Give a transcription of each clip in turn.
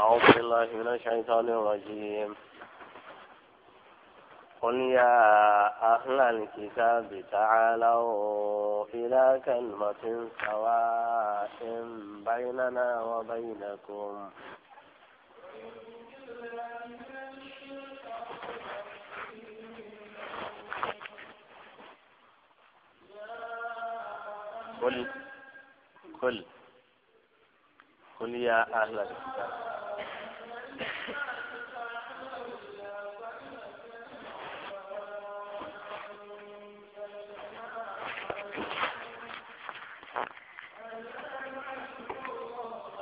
أعوذ بالله من الشيطان الرجيم قل يا أهل الكتاب تعالوا إلى كلمة سواء بيننا وبينكم قل قل قل يا أهل الكتاب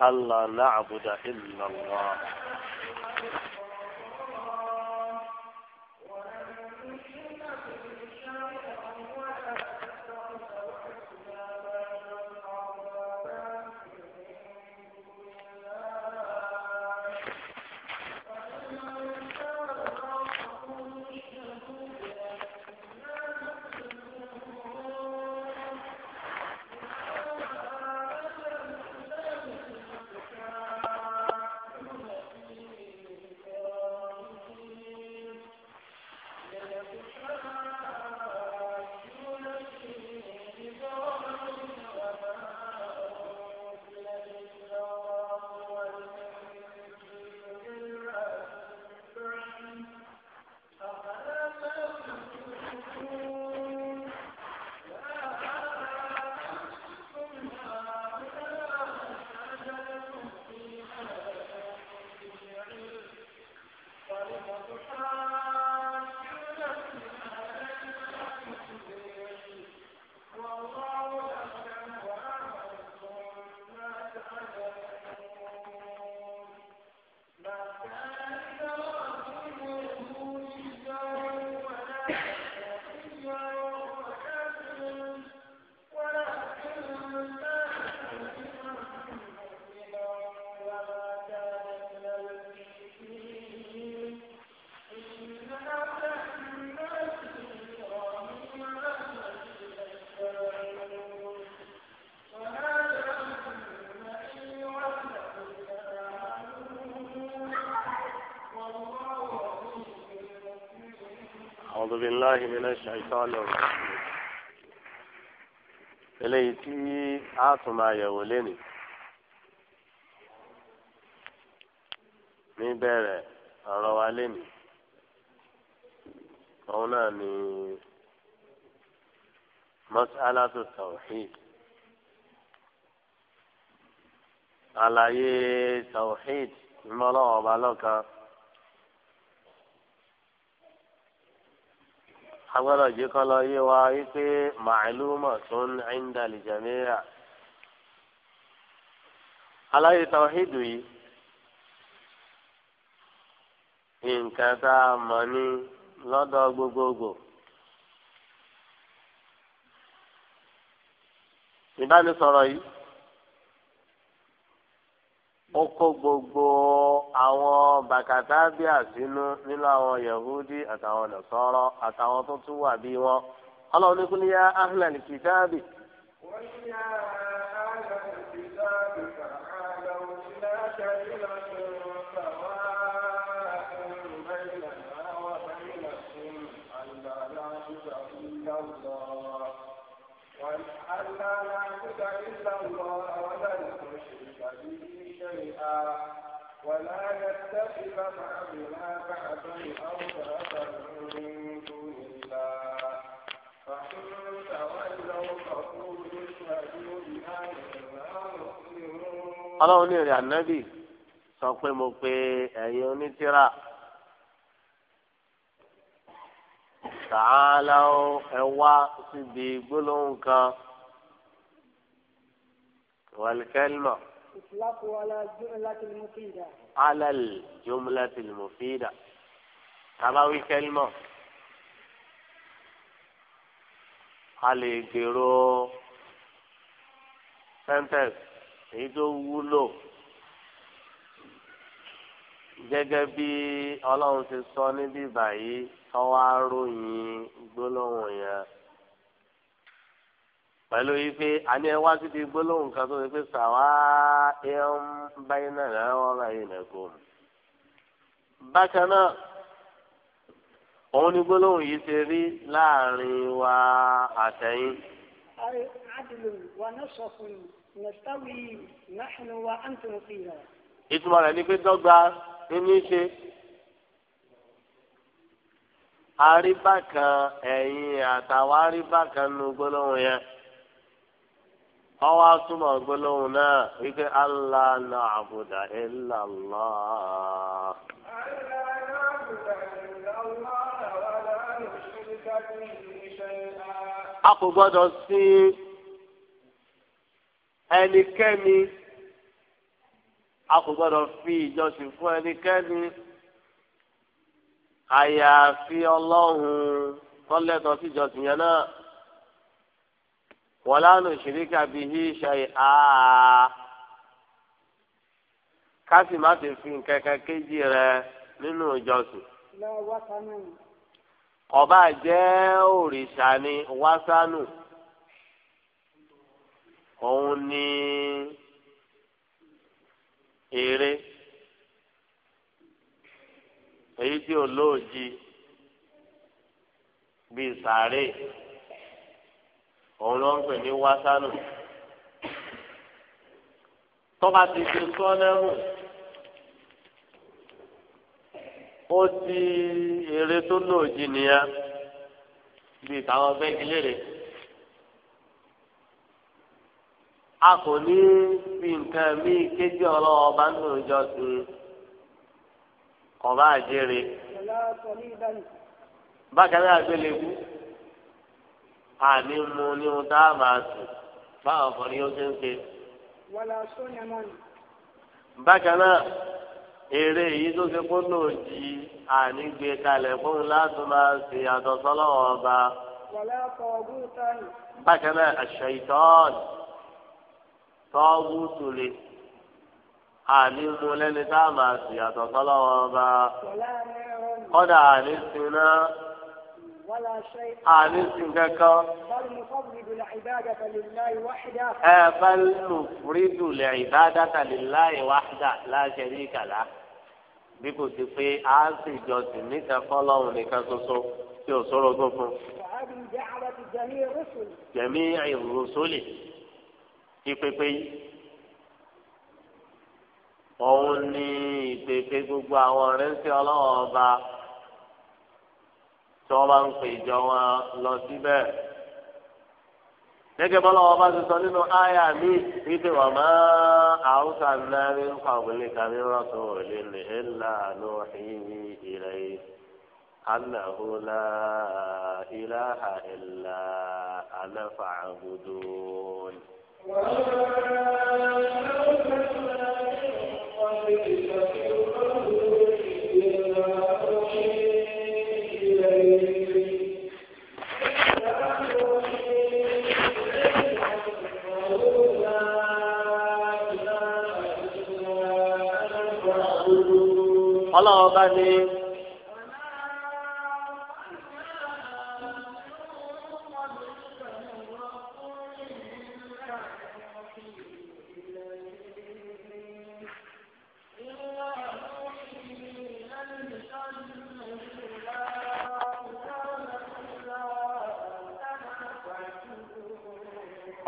ألا نعبد إلا الله أعوذ بالله من الشيطان الرجيم eléyìí tí a tún máa yẹ̀wò lénìí níbẹ̀rẹ̀ ọ̀rọ̀ wa lénìí òun náà ni mọ́sálásù tawhid àlàyé tawhid ìmọ̀lọ́wọ́ ọba lọ́kan. agbọ́dọ̀ jẹ́ kọ́ lọ yé wa wípé màálùmọ̀ tó ń ẹ̀ńdà lìjàmíà. aláyé tawhid yìí nǹkan tá a ní Oko kó gbogbo àwọn bàkàtà bí àsínú nínú àwọn yahudi àtàwọn nàṣọrọ àtàwọn tó tún wà bí wọn ọlọ́run ní kúni yá ahlal kitabi. wọ́n yá ahlal kitabi kàkà lọ́wọ́ sí láṣà yìí lọ́sọ̀. شيئا ولا يتخذ بعضنا بعضا أربابا من دون الله فإن تولوا فقولوا اشهدوا بأننا مسلمون. ní ìrìn ànábì sọ pé mo pe ẹ̀yin onítìrà tààlà ẹ wá síbi gbólóhùn kan wàlíkẹ́lmọ̀. إطلاقه على الجملة المفيدة على الجملة المفيدة تباوي كلمة هل يجرو sentence èyí tó wúlò gẹ́gẹ́ bí ọlọ́run ti sọ níbí báyìí tọ́wá ròyìn gbólóhùn yẹn. pẹ̀lú ife àní ẹ wá síbi gbólóhùn kan tó ṣe pé sàwá ẹ báyìí náà lọ́wọ́ báyìí náà kò bákan náà òun ni gbólóhùn yìí ṣe rí láàrin wa àtẹ̀yìn. ìtumọ̀ rẹ̀ ni pé dọ́gba ní ṣe bakan ẹ̀yìn atawa àríbákan nu gbólóhùn yẹn. ọwọ́ asúmọ̀ gbólóhùn náà wípé na àbùdá a kò gbọ́dọ̀ sí ẹnikẹ́ni a kò gbọ́dọ̀ fi ìjọsìn fún ẹnikẹ́ni àyàfi ọlọ́run tọ́lẹ́tọ̀ sí ìjọsìn yẹn náà. wala nushrika bihi shay'a kásì má ti fi nǹkan kan kéjì rẹ nínú ìjọsìn. ọba jẹ́ òrìṣà ni wásánù òun ni ère èyí tí olóòjì bíi sàárè. òun ló ń pè ní wásánù tọ́ba ti fi sọ́nẹ́mù ó ti èrè tó lòdì nìyẹn bí táwọn bẹ́ẹ̀kì a kò ní fi nǹkan míì kéjì ọlọ́wọ́ bá ń jọ sí ọba àjèrè bákan náà gbélé kú. ani mu ní ohun tá a máa sùn báwọn ọkùnrin ó ṣe ń ṣe. wàlá sóyà náà ni. bákan náà eré yìí tó ṣe kó àní gbé kalẹ̀ fún un ọba. wàlá kọ ogún tánì. bákan náà mu lẹ́ni tá a máa àtọ̀sọ́lọ́wọ́ ọba. kọ́dà àní àní sí kankan. ẹ bal nufridu l'ibadata lillahi wahda la sharika lah bí kò sí pé a ń ṣèjọsìn níta fọlọ́run nìkan ṣoṣo tí ò sọ̀rọ̀ tó fún. jẹ̀mí ìrùsọ́lì kí pépé yìí òun ní ìpèpè gbogbo àwọn ọ̀rẹ́ńsẹ́ ọlọ́wọ́ ọba tí wọ́n bá ń pè ìjọ wọn lọ síbẹ̀. gẹ́gẹ́ bọ́lá wọn bá ti sọ nínú àyà mi wípé wọ́n máa àwùsà náà ní kọ̀wélé kàmí rọ́tò lè lè é lànà ìyí ìrẹ́ annahu la ilaha illa ana ọlọ́run ọba ní.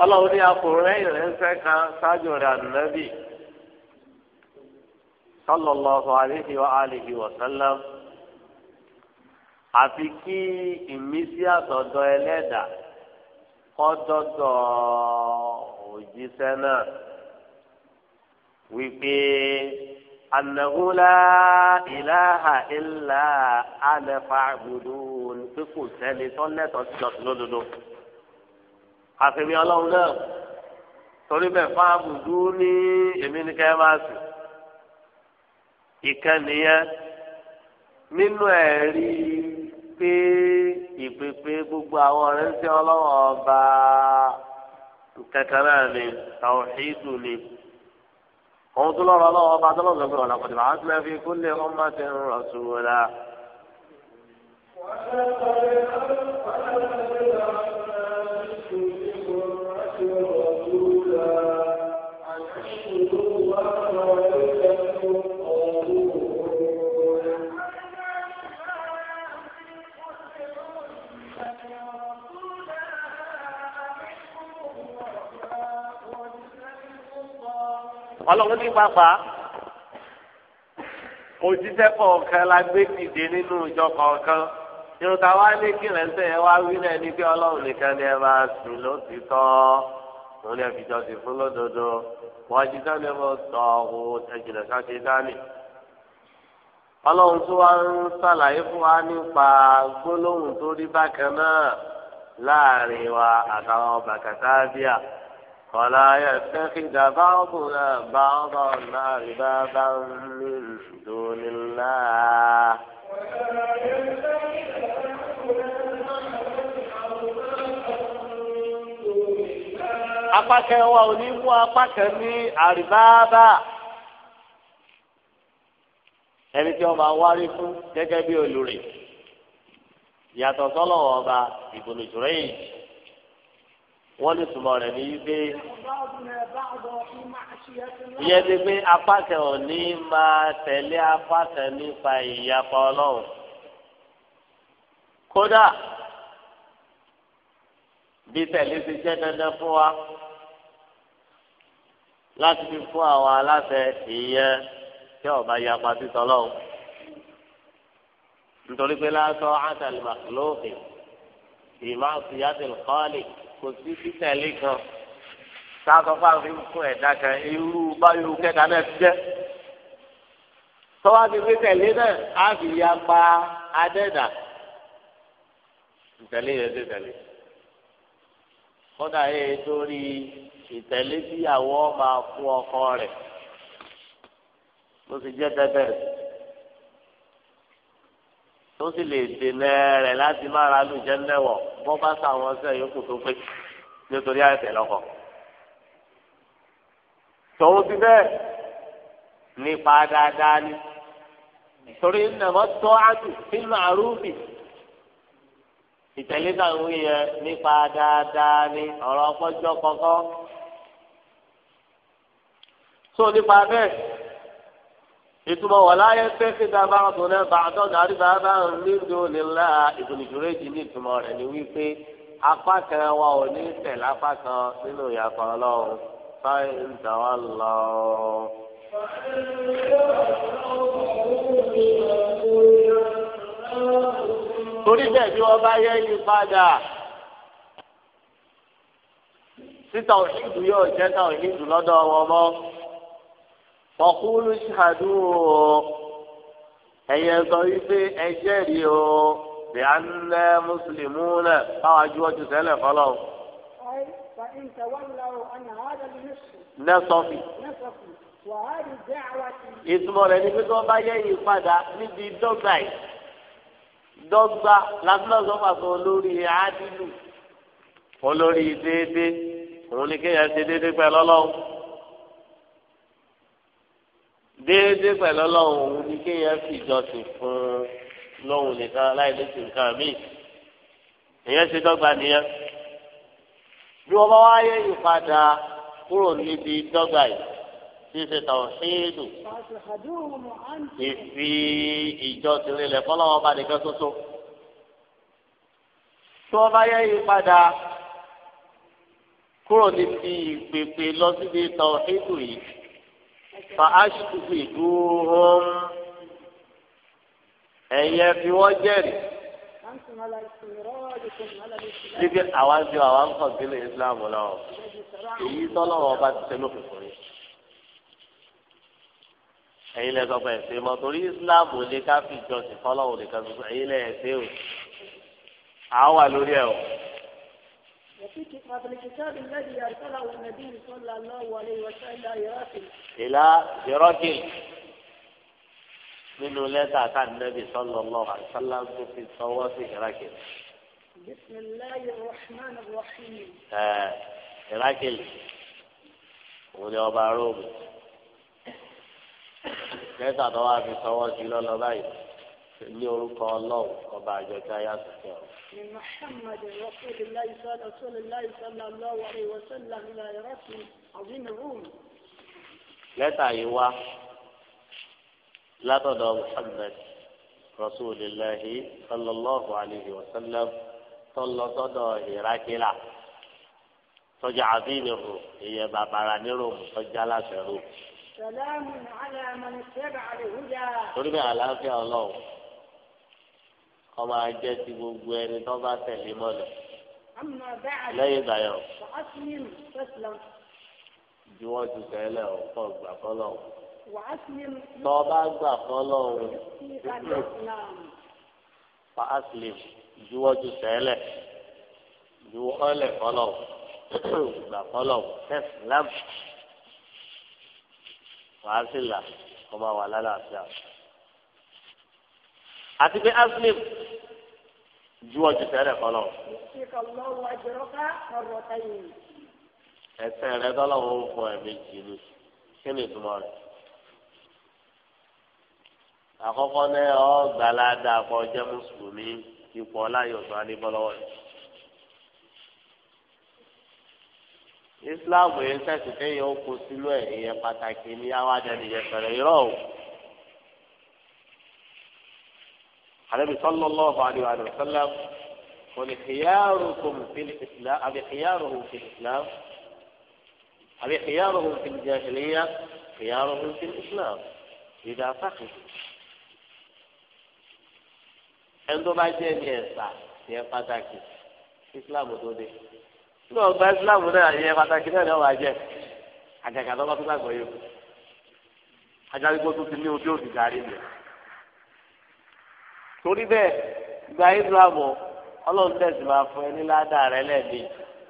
ọlọ́run ní akùnrin rẹ̀ ń fẹ́ kan ṣáájú rẹ̀ ànúnábì. صلى الله عليه وآله وسلم àfi kí ìmísí àtọ̀dọ̀ ẹlẹ́dà kọ́dọ̀dọ̀ òjíṣẹ́ náà wípé annahu la ilaha illa ana fa'budun pé kò sẹ́ni tó lẹ́tọ̀ọ́ sí ọ̀sùn lódodo àfihàn ọlọ́run náà torí bẹ́ẹ̀ fa'buduni èmi ni kẹ́ máa sùn. Ị nìyẹn nínú ẹ̀rí pé ìpèpè gbogbo àwọn ọ̀rẹ́ ń sẹ́ ọlọ́wọ́ ọba kankan náà ni tàwùhídù ni tó lọ́rọ̀ ọlọ́wọ́ ọba tó lọ́rọ̀ ọgbẹ́ ọ̀la pàtàkì àwọn sílẹ̀ fi kúnlẹ̀ ọmọ ti ń rọ̀ sùn ọlọ́run ní pàápàá òṣìṣẹ́ kọ̀ọ̀kan la gbé dìde nínú ìjọ kọ̀ọ̀kan irun ta wá ní kí rẹ̀ǹsẹ̀ yẹn wá wí náà ní pé ọlọ́run nìkan ni ẹ máa sùn lótìtọ́ òun ni ẹ fi jọ́sìn fún lódodo wọ́n ti sáré mọ́ sọ̀rọ̀ ẹ̀jìnà káṣí dání. ọlọ́run tó wá ń ṣàlàyé fún wa nípa gbólóhùn tó rí bákan náà láàrin wa àtàwọn bàkàtà bíà. ولا يتخذ بعضنا بعضا أربابا من دون الله apá kan wa ò ní mú apá kan ní àrìbáábà ẹni tí ọba wárí fún gẹ́gẹ́ bí olùrè yàtọ̀ sọ́lọ́wọ́ ọba ìbùnú jùrẹ́yìn wọ́n ní tùmọ̀ rẹ̀ ní wípé ìyẹn ti pé apá kan ò ní máa tẹ̀lé apá kan nípa ìyapa ọlọ́run kódà bí tẹ̀lé ti jẹ́ dandan fún wa láti fi fún àwọn aláṣẹ ìyẹn tí ọba yapa títọ́ ọlọ́run nítorí pé lásán átàlùmọ̀ lóòfin ìmáàsì yàtìlù kọ́ọ̀lì kò sí títẹ̀lé kan sáàtọ fáwọn fún ẹ̀dá kan irú báyọ kẹta náà ti jẹ tọwọ ti fi tẹ̀lé náà á fi ya pa adẹ́dà ìtẹ̀lé yẹn ti tẹ̀lé kódà yẹ e torí ìtẹ̀lé tíyàwó máa fún ọkọ rẹ̀ ló ti jẹ́ tẹ́tẹ́ rẹ̀ tó sì lè dènà rẹ̀ láti má ra lù jẹ́nẹ́wọ̀ bọ́ bá sàwọn ọ̀sẹ̀ yòókù tó pé nítorí àìsàn lọ́kọ̀. tòun ti bẹ́ẹ̀ nípa dáadáa ni torí nàmọ́ tọ́ àdù nínú àrùbì ìtẹ̀lé táwọn yẹ nípa dáadáa ni ọ̀rọ̀ ọpọ́jọ́ kọ̀ọ̀kan. tó nípa bẹ́ẹ̀ ìtumọ̀ wà láyé pé kíkà bá ń tún lẹ́bàá àtọ́jà àríbá bá ń rí lónìí ńlá ìdùnnìjúrèjì ní ìtumọ̀ rẹ̀ ni wípé apá kan wa ò ní tẹ̀ lápá kan nínú ìyàpọ̀ ọlọ́run fáyé ń tà wá lọ. torí bẹ́ẹ̀ bí wọ́n bá yẹ yí padà títà òṣìṣú yóò jẹ́ tà òṣìṣú lọ́dọ̀ wọn mọ́ fọkúrú ṣàdú o ẹyẹ sọ wípé ẹ jẹ́rìí o bí a ń lẹ mùsùlùmí lẹ báwa ju ọjọ́ tẹ́lẹ̀ fọlọ. nẹsọfì ìtumọ̀ rẹ̀ ni pé tí wọ́n bá yẹ̀yìn padà níbi dọ́gba yìí dọ́gba lásìlọ́sọ́fàsọ olórí àádìlú olórí déédéé òun ni kéèyàn ṣe déédéé pẹ̀lú ọlọ́run déédéé pẹ̀lú ọlọ́run òun ni kéèyàn fi ìjọsìn fún lọ́hùn nìkan láì lè ṣe nǹkan míì èèyàn ṣe dọ́gba nìyẹn bí wọ́n bá wáyé ìpadà kúrò níbi dọ́gba yìí ṣíṣe tàwọn ṣéèdù ìfi ìjọsìn lélẹ̀ fọlọ́wọ́ bá nìkan ṣoṣo tí wọ́n bá yẹ ìpadà kúrò níbi ìpèpè lọ síbi tàwọn ṣéèdù yìí fa aṣùkùkù ìdúhùn ẹ̀yẹ fi wọ́n jẹ́rìí. Síbi àwa ń fi àwa ń kàn sílẹ̀ Islam náà, èyí tọ́lọ́wọ́ ọba ti tẹ́lẹ̀ òfin fún yín. Ẹ̀yin lẹ́sọ̀ pé ẹ̀sìn mọ́ torí Islam ò lè ká fi ìjọsìn fọ́lọ́wọ́ nìkan tuntun, ẹ̀yin lẹ́sẹ̀ o, àá wà lórí ẹ̀ o. وفي هذا الكتاب الذي أرسله النبي صلى الله عليه وسلم إلى هرقل إلى هرقل من ولاة النبي صلى الله عليه وسلم في الصواب هرقل بسم الله الرحمن الرحيم آه هرقل ولي أبا روم كيف أدوار في صواب جلال الله ní orúkọ ọlọ́run ọba àjọkẹ́ ayé àtúntò ọ̀rọ̀. من محمد رسول الله صلى الله صلى الله عليه وسلم إلى إيرات عظيم الروم لا تعيوا لا تدع محمد رسول الله صلى الله عليه وسلم صلى تدع إيراكلا تجع عظيم الروم هي باباراني روم تجع لا سلام على من اتبع الهدى تربي على الله kọ́ máa jẹ́ ti gbogbo ẹni tó bá tẹ̀lé mọ́lẹ̀. lẹ́yìn ìgbà yẹn ju wọ́n ti tẹ́lẹ̀ ò kọ́ gbà fọ́lọ́ o. tọ́ bá gbà fọ́lọ́ o. fa aslim ju wọ́n ti tẹ́lẹ̀ ju wọ́n lẹ̀ fọ́lọ́ o gbà fọ́lọ́ o tẹ́sílám wàá sì là kọ́ máa àti pé aslim ju ọjọ́ tẹ́lẹ̀ kọlọ. ẹsẹ̀ rẹ dọ́lọ́wọ́ ń fọ ẹ̀mí jìnnì kí ni ìtumọ̀ rẹ̀. àkọ́kọ́ ní ọ gbàládà kọ jẹ́ mùsùlùmí ipò ọláyọ̀tún adébọ́lọ́wọ́ yìí. islam yẹn sẹ́sì kéèyàn ó kó sílú ẹ̀ ìyẹn pàtàkì ní awájẹ́ nìyẹn pẹ̀lẹ́ irọ́ o. àlẹ́bí sallallahu alaihi wa sallam wọ́n khiyarukum fil islam àbí khiyaruhum fil islam àbí khiyaruhum fil jahiliya khiyaruhum fil islam ìdá fàkì. ẹni tó bá jẹ́ ní ẹ̀sà ní ẹ pàtàkì islam tó dé ní ọgbà islam náà ní ẹ pàtàkì náà ní ọwọ́ ajẹ́ àjàkà tó bá tó bá gbọ́ yẹ kú àjàkà tó ti ní ojú òdì gàrí mi torí bẹ́ẹ̀ gba Abraham ọlọ́run tẹ̀sí máa fún ẹ ní ládàá rẹ lẹ́ẹ̀mí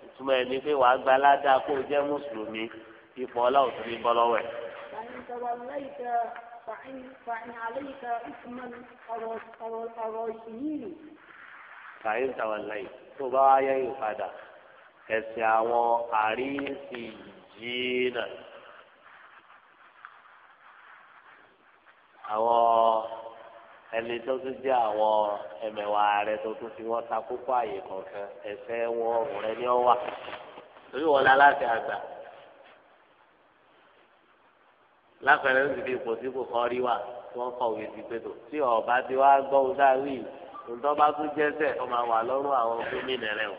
ìtumọ̀ ẹ̀ ní pé wàá gba ládàá kó o jẹ́ mùsùlùmí ipò ọlọ́run tó ní bọ́ lọ́wọ́ ẹ̀. fàyín tàwàláyì tó bá wáyé ìpadà ẹ̀sìn àwọn àríyìnsì jìnnà àwọn ẹni tó tún jẹ́ àwọn ẹ̀mẹ̀wà rẹ tó tún fi wọ́n ta kókó àyè kọ̀ọ̀kan ẹ̀fẹ́ wọ ọ̀rùn ni ọ wà torí wọ́n láláṣẹ àgbà lápẹ̀rẹ̀ ń dìde ipò tí kò kọ́ rí wà tí wọ́n kọ̀ wí sí tó tí ọba ti wá gbọ́ ohun tá bá tún jẹ́sẹ̀ ó máa wà lọ́rùn àwọn gómìnà rẹ o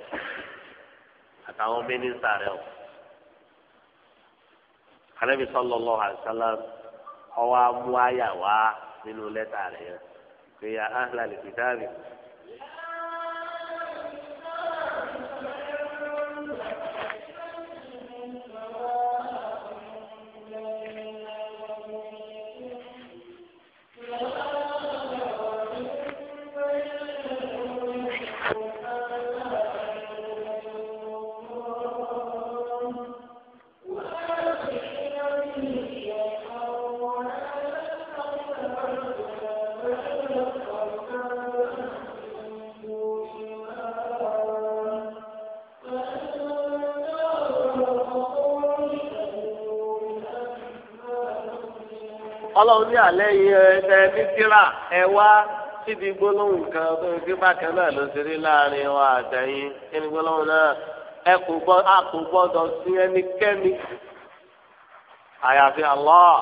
àtàwọn mínísítà rẹ o. alẹ́ mi àṣálá ọwọ́ amú àyà wá nínú lẹ́tà rẹ̀ yẹn pé ya áhàlà lè fi ọlọ́run ní alẹ́ ẹ ní tíra ẹ wá síbi gbólóhùn kan tó ń gbé bákan náà ló ṣe rí láàrin wa àtẹ̀yìn kí ni gbólóhùn náà ẹ kò gbọ́ a kò gbọ́dọ̀ sí ẹnikẹ́ni àyàfi Allah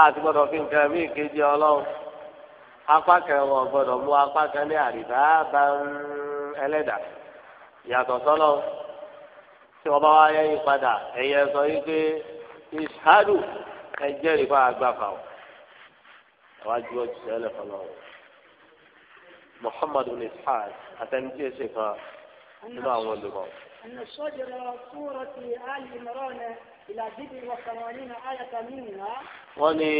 a ti gbọ́dọ̀ fi nǹkan mí kejì ọlọ́run apá kẹwọ́ gbọ́dọ̀ mú apá kan ní àrídá bá ń ẹlẹ́dà yàtọ̀ sọ́lọ́ tí wọ́n bá wá yẹ́yìn padà ẹ̀yẹ sọ yìí pé ìṣáàdù ẹ jẹ́rìí bá a gbà fà ó àwọn àjọ ọjọ́ sẹ́lẹ̀ fọlọ́ ọ muhammadu bin isaac àtẹnudí ẹsẹ̀ kan nínú àwọn olùkọ́. أن الشجر سورة آل عمران إلى بدء وثمانين آية منها. وني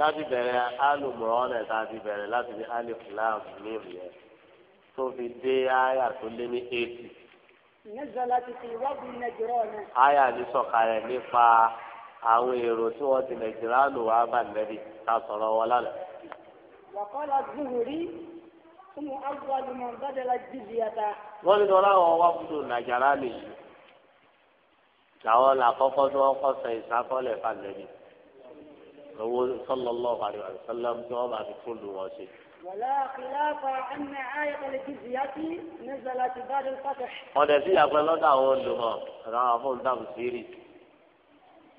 láti bẹ̀rẹ̀ alùmọ̀ọ́nà láti bẹ̀rẹ̀ láti di aliflam ní ìrìyẹ tó fi dé àyà tó lé ní eighty. àyà ní sọ̀kalẹ̀ nípa àwọn èrò tí wọ́n ti nàìjíríà lò wá bá nẹ́bí ká sọ̀rọ̀ wọn lálẹ́. wàkọ́lá zuhuri fún agbájú mọ̀ bàdàlà jìbìyàtà. wọ́n ní lọ́la wọn wá fúdù nàìjíríà lè yí. làwọn làkọ́kọ́ tí wọ́n kọ́ sọ ìsákọ́lẹ̀ fà nẹ́bí. lọ́wọ́ sọ́lọ́lọ́ àríwá sọ́lọ́m tí wọ́n bá fi fúdù wọn ṣe. ولا خلاف أن آية الجزية نزلت بعد الفتح. قد في أقل دعوة لهم رافض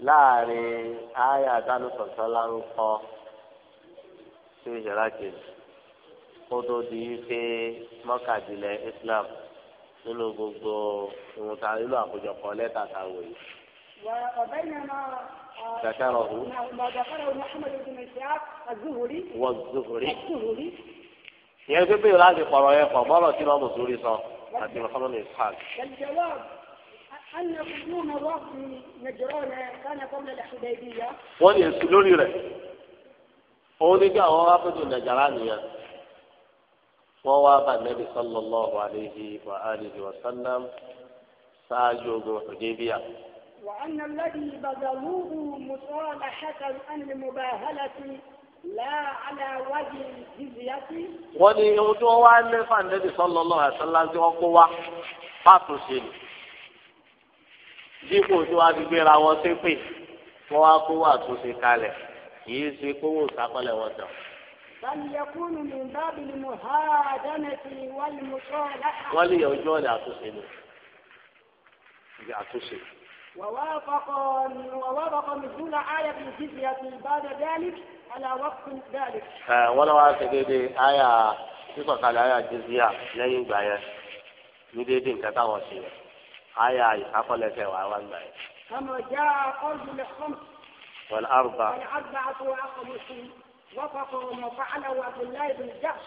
láàrin àyà dánú sọ̀tọ́ lárúkọ sí ìjọra kejì kó tó di wípé mọ́kàdínlẹ̀ Islam nínú gbogbo ìwọ̀n ta nínú àkójọpọ̀ lẹ́tà ta wò yìí. ذكره ذكره محمد بن إسحاق الزهري والزهري الزهري يعني كيف يقول هذه قراءة قراءة كما مزوري صح هذه محمد بن إسحاق الجواب أن قدوم الرب نجران كان قبل الحديبية wọ́n ní èsì lórí rẹ̀ òun ní bí àwọn afẹ́tò nàìjíríà nìyẹn wọ́n wá bá nẹ́bí sallallahu alayhi wa alihi wa sallam ṣáájú ogun Hudaybiya. وأن الذي بذلوه مصالحة عن المباهلة wọ́n ní ohun tí wọ́n wá ń lẹ́fà nẹ́bí sallallahu alayhi wa sallam tí wọ́n kó wá pàtó ṣe ni dípò tí wọ́n á fi gbéra wọn ṣépè wọ́n wá kó wà tó ṣe kalẹ̀ kì í ṣe kówó ìsápẹ́lẹ̀ wọn tàn. wọ́n lè yọjú ọ̀nà àtúnṣe ni àtúnṣe. ووافق ووافق نزول آية الجزية بعد ذلك على وقت ذلك. ولو أعتقد آية sísọ̀kalẹ̀ ayé àjẹsíyà lẹ́yìn ìgbà yẹn ní déédéé nǹkan táwọn ṣe yẹn aya ìfakọ́lẹ́sẹ̀ wà wá gbà yìí. kàmá já ọ̀dù lè kọ́m. wọ́n arba. wọ́n arba àti wọ́n akọ̀ mùsùlùmí wọ́n kọ́kọ́ mọ̀ fàálà wà abdullahi bin jash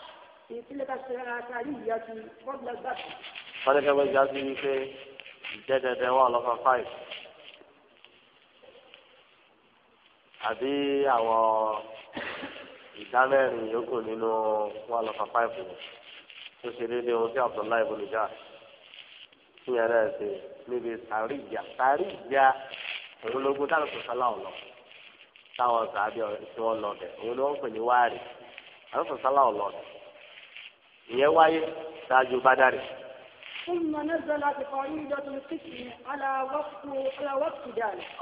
ìtìlẹ̀ka sàrí ìyàtì wọ́n Fọ́lẹ́kẹ́ wọ́n já sí wípé ìjẹ́dẹ̀dẹ̀ wà lọ́kọ̀ fáìf. Àbí àwọn ìdámẹ́rin yòókù nínú wà lọ́kọ̀ fáìf tó ṣe déédéé ohun tí Abdullahi bin Jash. kí ẹ rẹ ṣe níbi sàárì ìjà sàárì ìjà òun lógún táwọn kò sálà ọ̀lọ́ táwọn sàábì tí wọ́n lọ bẹ̀ òun ni wọ́n pè ní wáàrì àwọn ìyẹn wáyé ṣáájú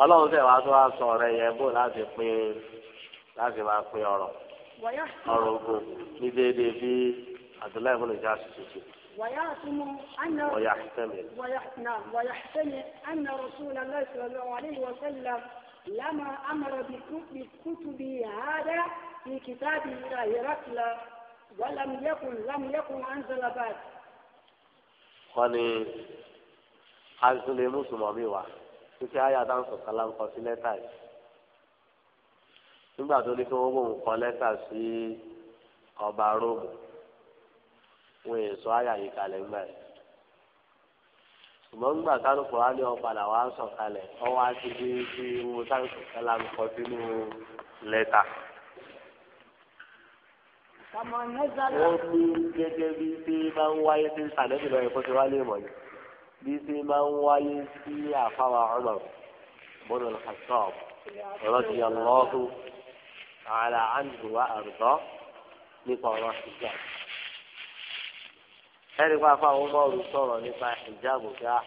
ọlọ́run tẹ̀ wá tó wá sọ ọ̀rẹ́ yẹn bó láti pín láti máa pín ọ̀rọ̀ ọ̀rọ̀ ogun ní déédéé bí ويعتم أن ويحتمل ويحتمل, ويحتمل أن رسول الله صلى الله عليه وسلم لما أمر بكتب هذا في كتابه إلى هرقل ولم يكن لم يكن أنزل بعد. قال azule musulmami wa títí ayé adánsọ kala ńkọ sí lẹ́tà yìí nígbà tó ní kí wọ́n bóun kọ lẹ́tà sí ọba róòmù wọn è sọ àyà yìí kalẹ̀ ńgbà yìí ṣùgbọ́n ńgbà kálukú wa ni ọ̀padà wa sọ̀ kalẹ̀ ọwọ́ àti bí bí wo kálukú kálá ń kọ sínú lẹ́tà. wọ́n ní gẹ́gẹ́ bí ṣe máa ń wáyé sí sàlẹ́bí lọ́yẹ̀ kó ṣe wá lè mọ̀ ní bí ṣe máa ń wáyé sí àfáwà ọ̀nà bọ́dọ̀ lọ́sọ̀ọ́ rọ́ọ̀dì ọlọ́ọ̀hún àlà àǹdùwà àrùtọ́ nípa ọ̀rọ̀ ṣùgbọ́n. ẹni pa fún àwọn ọ sọ̀rọ̀ nípa ìjáàbò kí á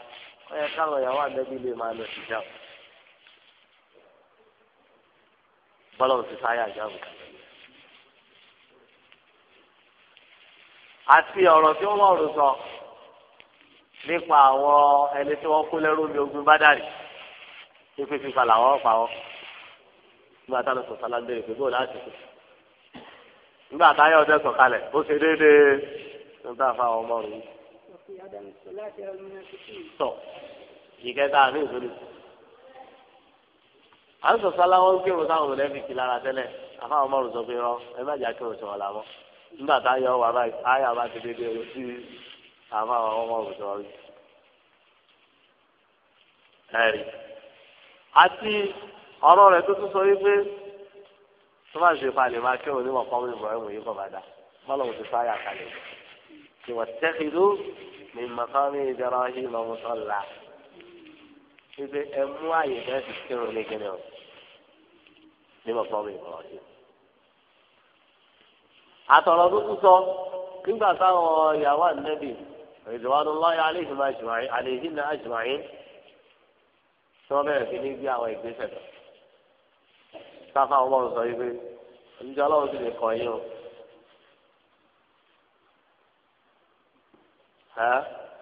ọyẹ káwọn ìyàwó àdẹbí lè máa lọ ìjáàbò bọlọ ti sáyà ìjáàbò. àti ọ̀rọ̀ tí wọ́n ọ̀rọ̀ sọ nípa àwọn ẹni tí wọ́n kó lẹ́rú ní ogun bádàrí pípé fífa làwọn pa wọn nígbà táwọn sọ̀tà lágbèrè pé bóòlù àti nígbà táyọ̀ ọdẹ sọ̀kalẹ̀ ó ṣe déédéé. tó ń tà fáwọn ọmọ rẹ. tọ ìkẹta àmì ìsòrí. à ń sọ sálá wọn kí wọn táwọn ọmọdé fi kí lára tẹ́lẹ̀ àfáwọn ọmọ rẹ sọ pé rọ ẹ má jà kí wọn sọ wọn làwọn nígbà tá a yọ wà báyìí àyà bá ti dédé o sí àfáwọn ọmọ rẹ sọ rí. ẹ̀rí àti ọ̀rọ̀ rẹ̀ tó tún sọ yí pé tó bá ṣe palẹ̀ máa kí wọn onímọ̀ pọ́nmù ìbọ̀rẹ́ mọ̀ yí kọ̀ bá dá bọ́lá mo ti sáyà kalẹ̀ واتخذوا من مقام إبراهيم مصلى ibi ẹmu àyè náà ti kírun ní kíni ọ ní mọ̀kànmí ìmọ̀ràn àtọ̀rọ̀ tó tún sọ nígbà táwọn ìyàwó ànẹ́bì ìdùnnú lọ́yà aléhìn àjùmáyé àléhìn náà àjùmáyé tí wọ́n bẹ̀rẹ̀ sí ní bí àwọn ìgbésẹ̀ kan sáfà ọlọ́run sọ yìí pé ǹjẹ́ ọlọ́run sì lè kọ́ yín o. ẹ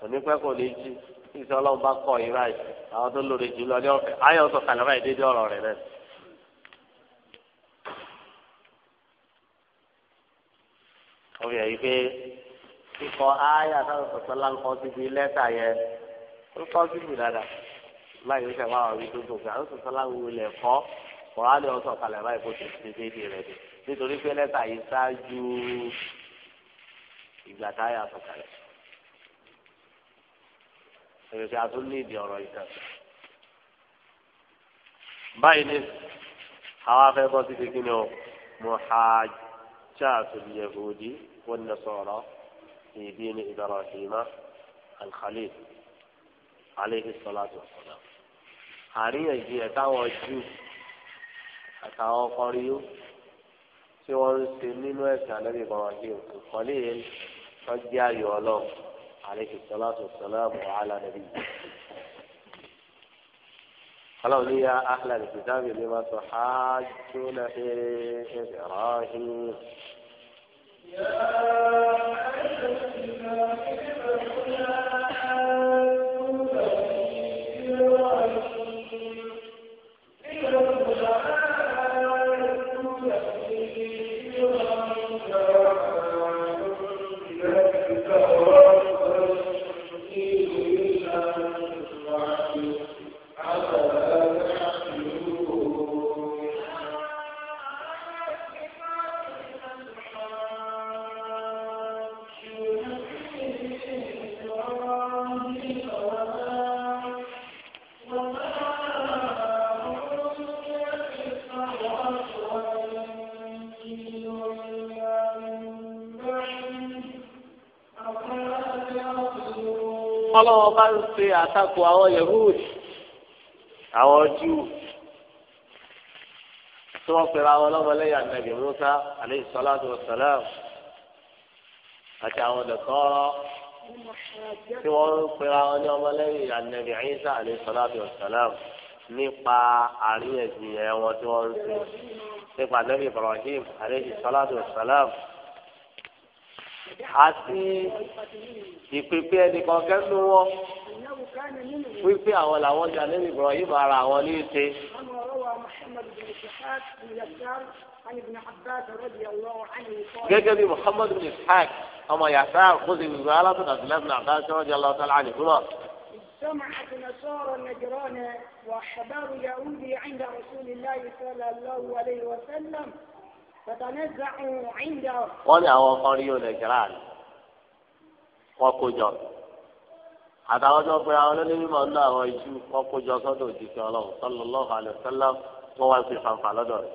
onípẹ́ kò ní jí ìṣe ọlọ́run bá kọ́ yìí báyìí àwọn tó lóore jù lọ ní ọ̀fẹ́ ayọ̀ sọ kàlẹ́ báyìí dédé ọ̀rọ̀ rẹ̀ náà. ọbẹ̀ yìí pé kíkọ ayé àtàwọn sọ̀tọ́ láńkọ́ síbi lẹ́tà yẹn ń kọ́ síbi dáadáa láyé oṣù àwọn àwọn ìdó gbogbo àwọn sọ̀tọ́ láwùjọ ilẹ̀ kọ́ kọ́rálẹ̀ ọ̀sọ̀ kàlẹ́ báyìí kó èrè pé a tún ní ìdí ọ̀rọ̀ ìtàn. báyìí ni àwa fẹ́ bọ́ sí kékeré o muhajjatul yahudi wan nasara fi dini ibrahima alkhalil aleyhi salatu wa salam. àríyànjiyàn táwọn jù àtàwọn kọrìyó tí wọ́n ń ṣe nínú ẹ̀sìn alẹ́ ìbọn àti òkú kọ́lé yẹn wọ́n ayọ̀ ọlọ́run. عليه الصلاة والسلام وعلى نبينا قالوا لي يا أهل الكتاب لما تحاجون في إبراهيم يا أهل الكتاب ọlọ́wọ́ bá ń ṣe àtakò àwọn yahudi àwọn júù tí wọ́n pèrè àwọn ọlọ́mọlẹ́yà nàbì musa aleyhi salatu wa salam àti àwọn dẹ̀kọ́rọ́ tí wọ́n pèrè àwọn ọlọ́mọlẹ́yà nàbì isa aleyhi salatu wa salam nípa àríyànjiyàn wọn tí wọ́n ń ṣe nípa nàbì ibrahim aleyhi salatu àti ìpèpè ẹnìkan kẹ́nu wọn wípé àwọn làwọn jà lẹ́nu ìbọ̀rọ̀ yìí máa ra àwọn ní ìṣe. gẹ́gẹ́ bí muhammad bin ishaq ọmọ yasar kó sì gbìgbà alásùn àti lẹ́sìn àbáṣe ọjà lọ́sàn án àdìgúnmọ̀. اجتمعت نصارى النجران وأحبار يهودي عند رسول الله صلى الله عليه وسلم wọ́n ní àwọn kan rí olè jẹ́rà ni wọ́n kó jọ àtàwọn tó pe àwọn onímọ̀ ńlá àwọn ijú wọ́n kó jọ sọ́dọ̀ òjijì ọlọ́run sallallahu alaihi wasallam wọ́n wá sí fanfa lọ́dọ̀ rẹ̀.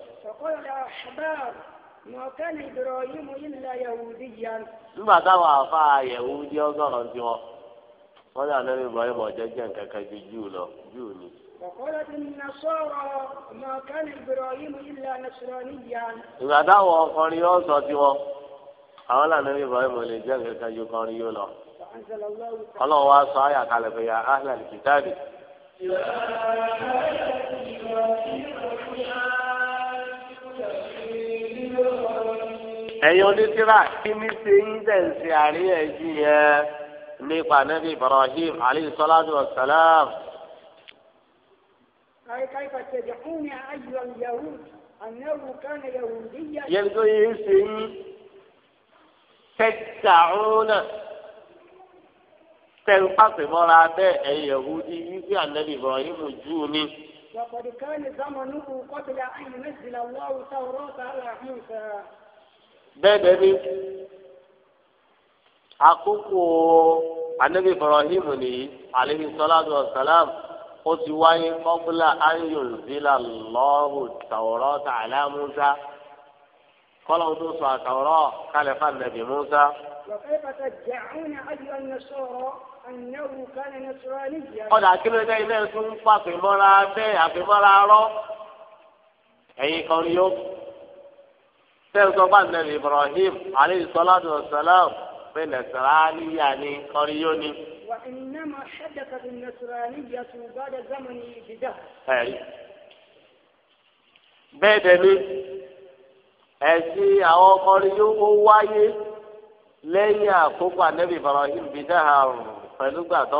nígbà táwọn àfa yẹ̀wù di ọgọ́rùn-ún tiwọn wọ́n ní àlọ́ ìbọn ìbọn jẹ́jẹ́ nǹkan kan ju júù lọ júù ni. وقالت النصارى ما كان إبراهيم إلا نصرانيا إذا دعوا أخرين صوتهم àwọn lànà bí ibrahim ò lè jẹ́ nǹkan kan ju kan rí yóò lọ. ọlọ́run wa sọ àyà kalẹ̀ fẹ́ ya ahlal kitabi. ẹ̀yin onítìrà kí ní ṣe yín dẹ̀sí àríyànjiyàn nípa nàbí ibrahim alayhi salatu wa salam. أي كيف تدعون أيها اليهود أنه كان يهوديا يبدو يسمي تدعون tẹ̀lifásì mọ́ra bẹ́ẹ̀ ẹ̀yin yahudi wípé ànábì ibrahim jù ni. وقد كان زمنه قبل أن ينزل الله التوراة على موسى. bẹ́ẹ̀ bẹ́ẹ̀ ni àkókò ànábì ibrahim nìyí aleyhi salatu wa salam ó ti wáyé kọ́bùlà ayọ̀lùbílà lọ́hùn tàwọ̀rọ̀ tààlà musa kọ́lọ́hùn tó sọ àtàwọ̀rọ̀ kálẹ̀ fún ànàbì musa. ọ̀dà kí ló dé ilé ẹ̀sùn ń pa àfẹ́mọ́ra bẹ́ẹ̀ àfẹ́mọ́ra rọ́ ẹ̀yin kan yó. sẹ́yìn sọ fún ànàbì ibrahim aleyhi sọ́lá dùn sàlám. pé nasaraniya ni kọ́ríyó ni. wà ìnáma ṣẹ́dẹ̀kà bí nasaraniya tó bá dẹ̀ zamani ìdídà. bẹ́ẹ̀ dẹ̀ ni ẹ̀sìn àwọn kọ́ríyó ó wáyé lẹ́yìn àkókò ànẹ́bí Ibrahim bídà pẹ̀lú gbà tó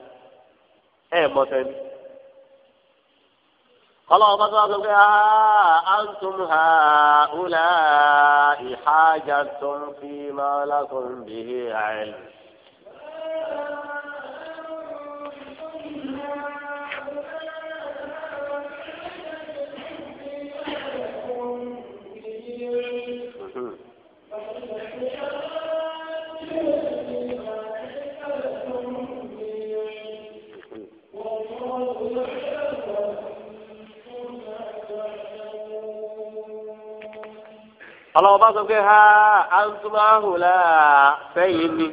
ẹ mọ sẹni ọlọ́wọ́ bá tó wá sọ pé antum ha ula ìhájà tó ń fi máa lákòó ń bèèrè àìlè. ọlọ́wọ́ bá sọ pé ha antumahu la sẹ́yìn ni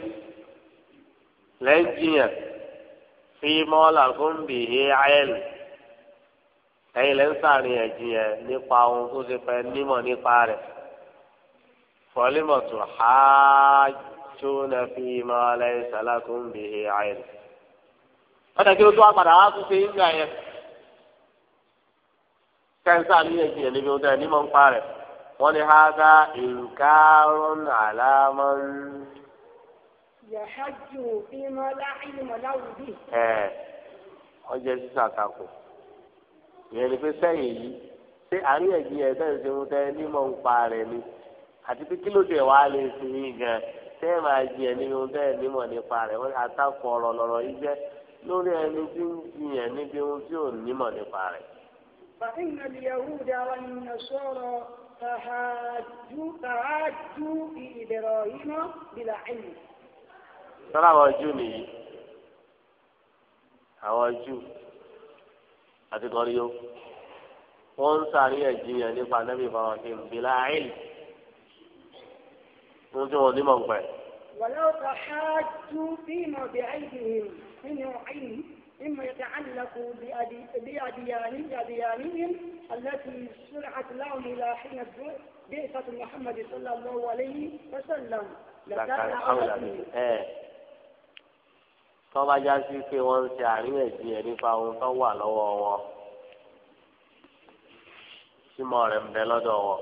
lẹ́jìyàn fi mọ́lá fún bìhí ayẹ́lì ẹ̀yin lẹ́ ń sàríyànjiyàn nípa ohun tó ṣe fẹ́ nímọ̀ nípa rẹ̀ fọlímọ̀tò hájú na fi mọ́lá ìsàlá fún bìhí ayẹ́lì. ọ̀dà kí ló tó wá padà wá tún ṣe ń gbà yẹn kẹ́ ń sàríyànjiyàn níbi ohun ẹ̀ nímọ̀ nípa rẹ̀. wọ́n ní hada ìnkárún àlámọ́n. yàhájú ìmọ̀lá ìmọ̀láwùdí. ẹ wọ́n jẹ́ sísà kakò ni pé sẹ́yìn yìí ṣé àríyànjiyàn ẹ̀ ṣe ń tẹ́ ń pa rẹ̀ ni àti pé kí ló dé wàá lè yín gan tẹ́ ẹ̀ máa nípa rẹ̀ wọ́n ọ̀rọ̀ lọ́rọ̀ yìí jẹ́ lórí ẹni tí ń jiyàn níbi ohun tí ò nímọ̀ nípa rẹ̀. fàáyìn àlìyàwó dára ni tàájú ìdẹ̀rọ̀ yìí náà bìlà ẹ̀yìn. sọ́lá àwọn jù nìyí àwọn jù àti kọ́ríyó wọ́n ń sàríyànjiyàn nípa nẹ́bí fàwọ́kìn bìlà ẹ̀yìn wọ́n tún wọn ní mọ̀ pẹ́. wàlẹ́ ọ̀tà ṣáájú bí mọ̀ bí àìsàn nínú àìsàn. مما يتعلق بأديانهم التي سرعت لهم إلى حين بعثة محمد صلى الله عليه وسلم لكان أولى منه tọ́ba já sí pé wọ́n ń ṣe àríyànjiyàn nípa ohun tó wà lọ́wọ́ wọn símọ́ rẹ̀ ń bẹ lọ́dọ̀ wọn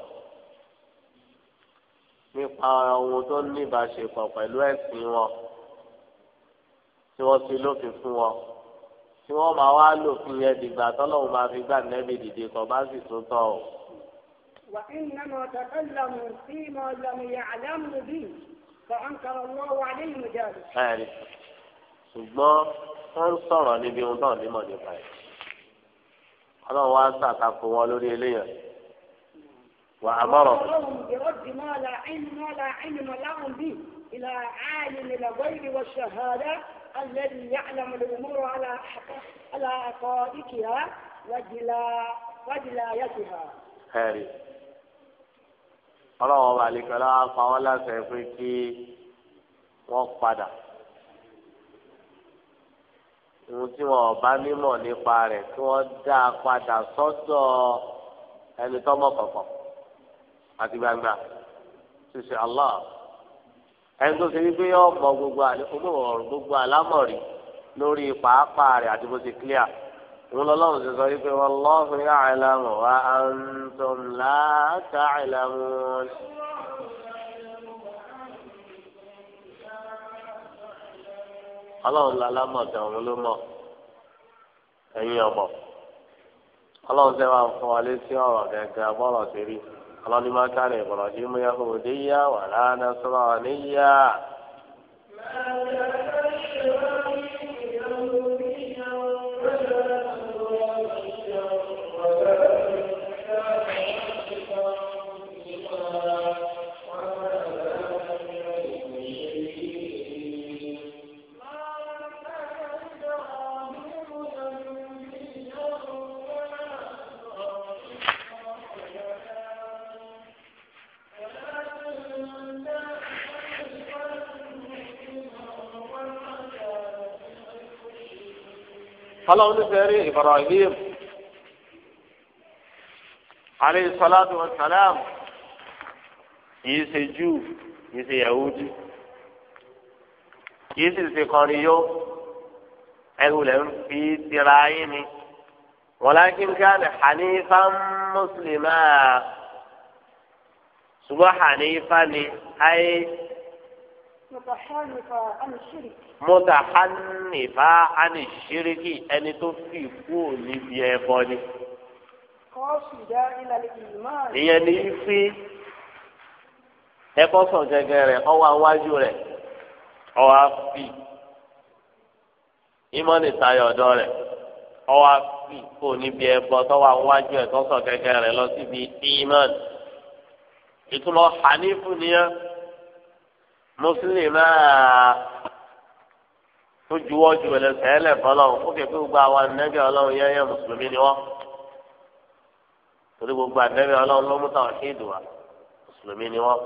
nípa ohun tó ní ìbáṣepọ̀ pẹ̀lú ẹ̀sìn wọn tí wọ́n fi lófin fún wọn tí wọ́n máa wá lò fún yẹn dìgbà tọ́lọ́wọ́ máa fi gbà nẹ́bí dìde kọ́ bá sì tún tọ̀ ọ́. wà á iná mọ̀ tọ́tọ́ lọ́mù sí mọ̀ lọ́mù yẹn àlámù bí kọ̀ọ̀nkọ̀rọ̀ wọ́n wà ní ìmùjáde. ẹ̀rí ṣùgbọ́n wọ́n ń sọ̀rọ̀ níbi ohun náà nímọ̀ nípa ẹ̀. ọlọ́run wá ṣàtakò wọn lórí eléyàn. wà á mọ̀rọ̀. ọlọ́run الذي يعلم الأمور على على حقائقها وجلا وجلايتها. هاري. ọlọ́wọ́ ọba àlekọ́lá wa pa wọ́n láṣẹ pé kí wọ́n padà ohun tí wọn ọba mímọ̀ nípa rẹ̀ kí wọ́n dá a padà sọ́dọ̀ ẹni tọ́mọ̀ kọ̀kọ̀ àti gbangba ṣíṣe Allah. ẹni tó ṣe wípé yọ mọ gbogbo ọ̀rọ̀ gbogbo àlámọ̀rí lórí pàápàá rẹ̀ àti bó ṣe clear wọn lọ́lọ́run ṣe sọ wípé wallahu ya'lamu wa antum la ọlọ́run òun ló mọ̀ ẹ̀yin ọlọ́run ṣe máa ń wa ọ̀rọ̀ gẹ́gẹ́ ṣe rí. ọlọ́ni máa kárẹ̀ ìbọ̀rọ̀ ìmú yahudiya wàlá nasraniya. ọlọ́run nífẹ̀ẹ́ rí Ibrahim aleyhi salatu wa salam kìí ṣe Júù kìí ṣe Yahudi kìí sì ṣe kọrin yó ẹrù lẹ́ ń fi tira yín ni walakin kana hanifan muslima ṣùgbọ́n hanifa ni ayé mutahanifa ani ṣiriki ẹni tó fi kú níbi ẹbọ ni. ìyẹn ni ife ẹbọ sọ gẹ́gẹ́ rẹ̀ ọwọ́ àwájú rẹ̀ ọwọ́ àfi ìmọ̀ni tayọ ọ̀dọ́ rẹ̀ ọwọ́ àfi kò níbi ẹbọ tọwọ́ àwájú ẹ̀ tó sọ gẹ́gẹ́ rẹ̀ lọ síbi ìmọ̀ni ìtumọ̀ hanifu nìyẹn. mùsùlùmí tó juwọ́ ju ẹlẹ́sẹ̀ ẹlẹ́fọ́ lọ́wọ́ gbogbo àwọn anẹ́bí ọlọ́run yẹ́n yẹ́n mùsùlùmí ni wọ́n torí gbogbo anẹ́bí ọlọ́run ló mú táwọn ṣe ìdùwà mùsùlùmí ni wọ́n.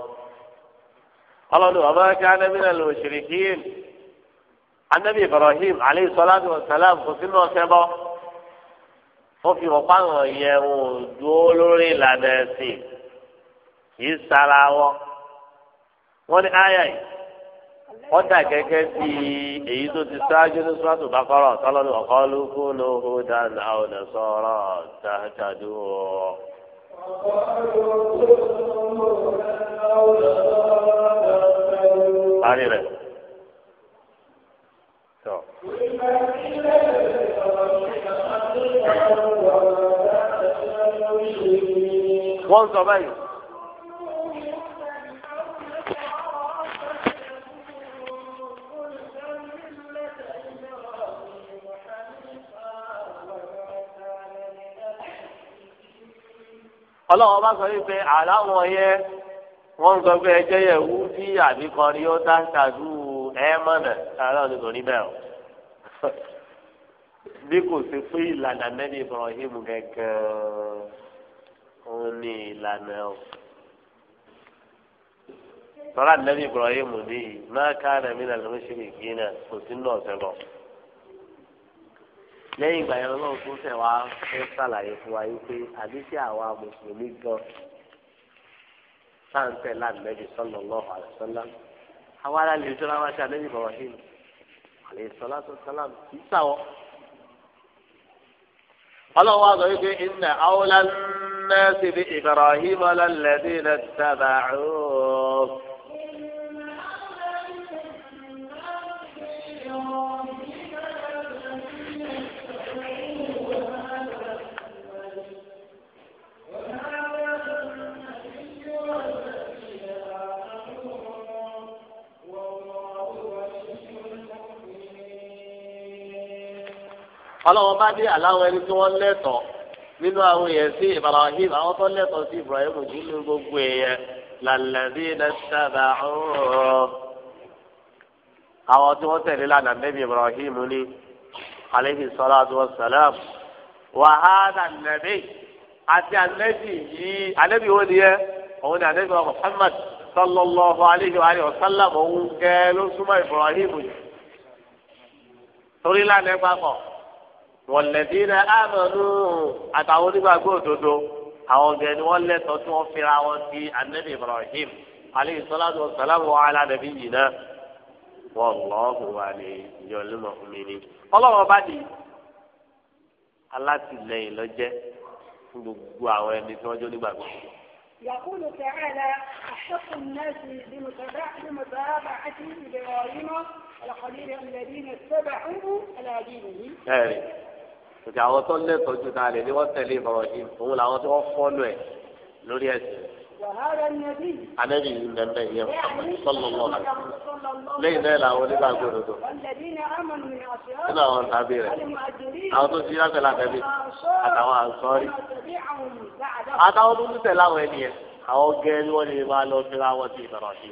ọba kí anẹ́bí náà lò anẹ́bí Ibrahim aleyhi salatu wa salam kò sínú ọ̀sẹ̀ bọ́ fi wọ́n dúró lórí ìlànà ẹ̀sìn kì í sara wọ́n ní àyà yìí wọ́n dà gẹ́gẹ́ bí èyí tó ti ṣáájú ní sọ́ọ̀tù bá kọ́rọ̀ tọ́lọ́lù ọ̀kọ́ ló kó dáná àwọn sọ̀rọ̀ dáadáa rẹ̀. Wọ́n sọ báyìí. ọlọ́wọ́ bá sọ wípé àláwọn yẹ wọ́n ń sọ pé ẹjẹ́ yẹ wú sí àbíkọrin ó dá ṣàdú ẹ̀ẹ́mọ̀nà àlọ́ ni kò rí bẹ́ẹ̀ o bí kò sí fún ìlànà mẹ́ni Ibrahim gẹ́gẹ́ òun ní ìlànà o tọ́lá nẹ́ni Ibrahim ní máa ká nàmínà lọ́wọ́ ṣe lè náà kò sí náà sẹ́gbọ̀n. lẹ́yìn ìgbà yẹn lọ́wọ́ tó tẹ̀ wá fẹ́ sàlàyé fún wa yìí pé àdéhùn àwa mùsùlùmí gan sáǹtẹ̀ láàbẹ̀bí sallallahu alaihi wasallam àwa alálẹ̀ ìṣọ́lá wa ṣe àdéhùn Ibrahim alaihi salatu kì í sàwọ́. ọlọ́wọ́ àgọ́ yìí pé Ibrahim lẹ́dí lẹ́dí ọlọ́wọ́n bá dé aláwọ̀ ẹni tí wọ́n lẹ́tọ̀ọ́ nínú àwọn èèyàn sí Ibrahim àwọn tó lẹ́tọ̀ọ́ sí Ibrahim jù ní gbogbo èèyàn làlẹ́bí iná sábà ọ̀rọ̀ àwọn tí wọ́n tẹ̀lé lánàá nẹ́bí Ibrahim ní aleyhi salatu wa salam wàhálà nẹ́bí àti anẹ́bí yìí anẹ́bí wo ni yẹ òun ni anẹ́bí wa Muhammad sallallahu alayhi wa sallam òun kẹ́ ló súnmọ́ Ibrahim torí lánàá gbàgbọ́ wọ̀lẹ́dínlẹ̀ àmọ́nú àtàwọn onígbàgbọ́ òdodo àwọn ọ̀gẹ̀ ni wọ́n lẹ́tọ̀ọ́ tí wọ́n fira wọn sí anabi ibrahim aleyhi salatu wa salam wa ala nabi yina wọlọ́ọ̀hù wa ni yọlímọ̀ mímí. ọlọ́wọ́ bá di alátìlẹyìn lọ́jẹ́ fún gbogbo àwọn ẹni tí wọ́n jó nígbàgbọ́. يقول تعالى أحق الناس بمتابعة إبراهيم الخليل الذين اتبعوه على دينه tòtí àwọn tó lẹ́tọ̀ọ́ ju ta lè ní wọ́n tẹ̀lé ìfọ̀rọ̀ yìí òun làwọn tí wọ́n fọ́lù ẹ̀ lórí ẹ̀sìn. Anẹ́bí yìí nẹ́ẹ̀mẹ́ yẹn sọ́lọ́lọ́ rẹ̀. Lẹ́yìn náà làwọn onígbàgbọ́ òdodo. Nínú àwọn tàbí rẹ̀. Àwọn tó ti yàgbẹ́ látẹ̀lé. Àtàwọn àǹsọ́rí. Àtàwọn tó tẹ̀ láwọn ẹni yẹn. Àwọn gẹ́ ni wọ́n lè máa lọ fi láwọn ti ìbàrọ̀ sí.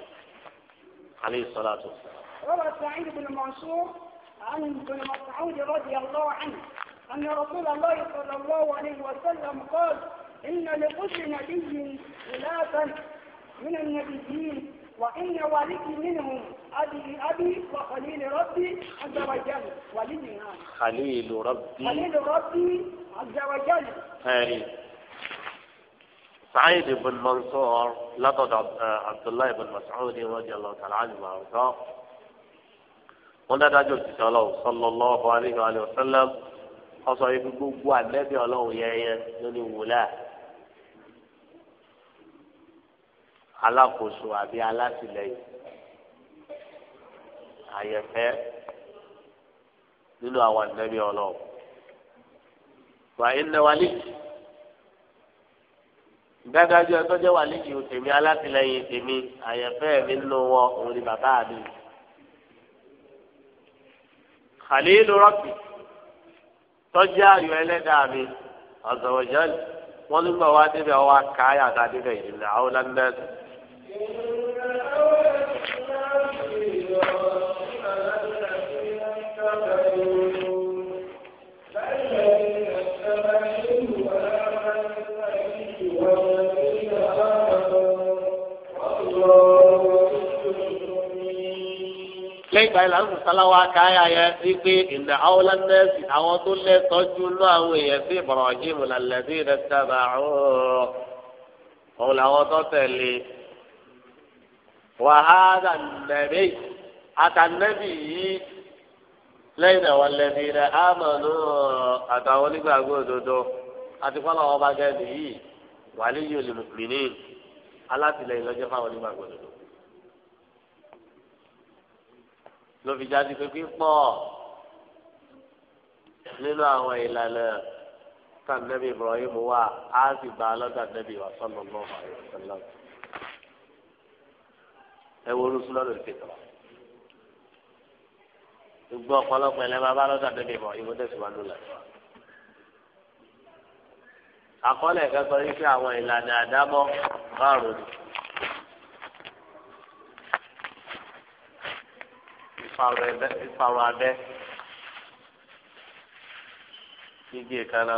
Alẹ́ ìsọ́lá tó. أن رسول الله صلى الله عليه وسلم قال إن لكل نبي ولاة من النبيين وإن ولي منهم أبي أبي وخليل ربي عز وجل ولي خليل ربي خليل ربي عز وجل هاي سعيد بن منصور لقد عبد الله بن مسعود رضي الله تعالى عنه وارضاه wọn dájú صلى الله عليه aláìhí وسلم ọsọ ibi gbogbo àgbẹ̀bí ọlọ́run yẹyẹ lórí wùlá alákòóso àbí alátìlẹyìn àyẹ̀fẹ́ nínú àwọn àgbẹ̀bí ọlọ́run wà iná wálé dájú ẹ tọ́jú wà lẹ́yìn òtèmi alátìlẹyìn tèmi àyẹ̀fẹ́ mi nínú wọn òun ni bàbá mi. Khalilu Rabbi tọ́jú ayọ̀ ẹlẹ́dàá mi ọ̀sọ̀rọ̀jọ́ wọn nígbà wá débẹ̀ wá káyà tá a débẹ̀ yìí làwọn lẹ́nu lẹ́yìn ìgbà yẹn làwọn sọ̀sálàwà káyà yẹn wípé ìnà àwọlá nẹ́ẹ̀sì àwọn tó lẹ́tọ́jú náà àwọn èèyàn sí Ibrahim làlẹ́sí rẹ̀ sábà òun làwọn tó tẹ̀lé wàhálà nàbí àtànàbí yìí lẹ́yìn náà wọ́n lẹ́sí rẹ̀ àmọ̀nù àtàwọn onígbàgbọ́ òdodo àti fọlọ́wọ́ bá gẹ́gẹ́ yìí wàlíyù lùmìnì alátìlẹ́yìn lọ́jọ́ fáwọn onígbàgbọ́ òdodo. ló fi jáde pé pípọ̀ nínú àwọn ìlànà tànẹ́bí Ibrahim wà á sì bá lọ́dà nẹ́bí wa sọ́nà lọ́wọ́ àyọ̀sọ́nà ẹ wo orúkú lọ́dọ̀ ìkẹtọ̀ gbogbo ọ̀pọ̀lọpọ̀ ẹ̀lẹ́ bá bá lọ́dà nẹ́bí Ibrahim tẹ̀síwájú lẹ́yìn wa àkọọ́lẹ̀ kẹ́kọ̀ọ́ yìí pé àwọn ìlànà àdámọ́ márùn-ún ìfàrọ̀ abẹ́ gígé ìkànnà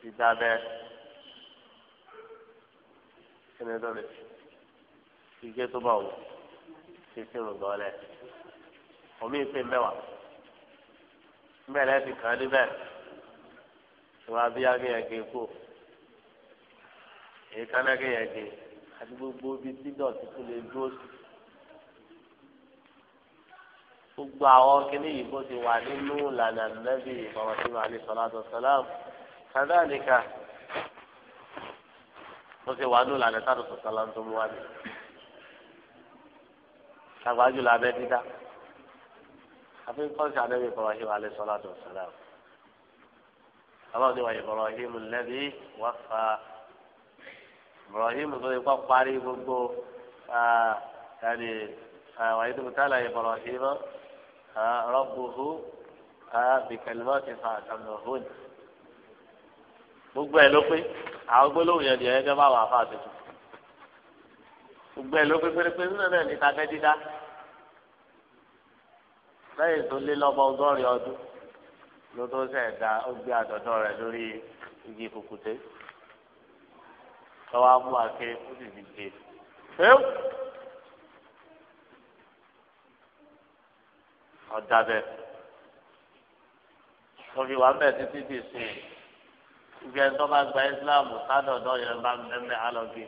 dídábẹ́ kíni tó lè gígé tó bá wù títí rògbò ọlẹ omi ìpè mẹ́wàá mbẹ́lẹ́ ti kàn án níbẹ̀ ìwà abíyá kéèyàn gé kú èyí kan náà kéèyàn gé àti gbogbo ibi tí dọ̀tí tó lè dúró sí gbogbo àwọn kìnnì yìí bó ti wà nínú ìlànà nàbì ìfọwọ́síwá alẹ́sọ̀láàtọ̀ sàlám kàdáàlìkà bó ti wà nínú ìlànà sàdùsọ̀ sàlám tó mú wá ní. àgbájú la bẹ́ dídá àfi kọ́sì ànábì ìfọwọ́síwá alẹ́sọ̀láàtọ̀ sàlám. aláwọ̀ ni wà wà fà Ibrahim tó yẹ kó parí gbogbo ẹni wà yìí tó rọ́bùhù bìkẹ́lìmọ́tì fún àtàmùhùn. gbogbo ẹ̀ ló pé àwọn gbólóhùn yẹn nìyẹn gẹ́gẹ́ bá wà fún àtẹ̀tù. gbogbo ẹ̀ ló pé pérépéré nínú náà ní tàbẹ́ dídá. lẹ́yìn tó lé lọ́mọ ọgọ́rin ọdún ló tó sẹ̀ dá ó gbé àtọ̀tọ̀ rẹ̀ lórí igi kùkùté. lọ́wọ́ á àké ó sì ti dé. ọ̀dà bẹ́ẹ̀ tóbi wà bẹ́ẹ̀ títí di sí i ibi ẹni tó bá gba Islam sádọ̀dọ̀ yẹn bá mẹ́mẹ́ alọ́gbé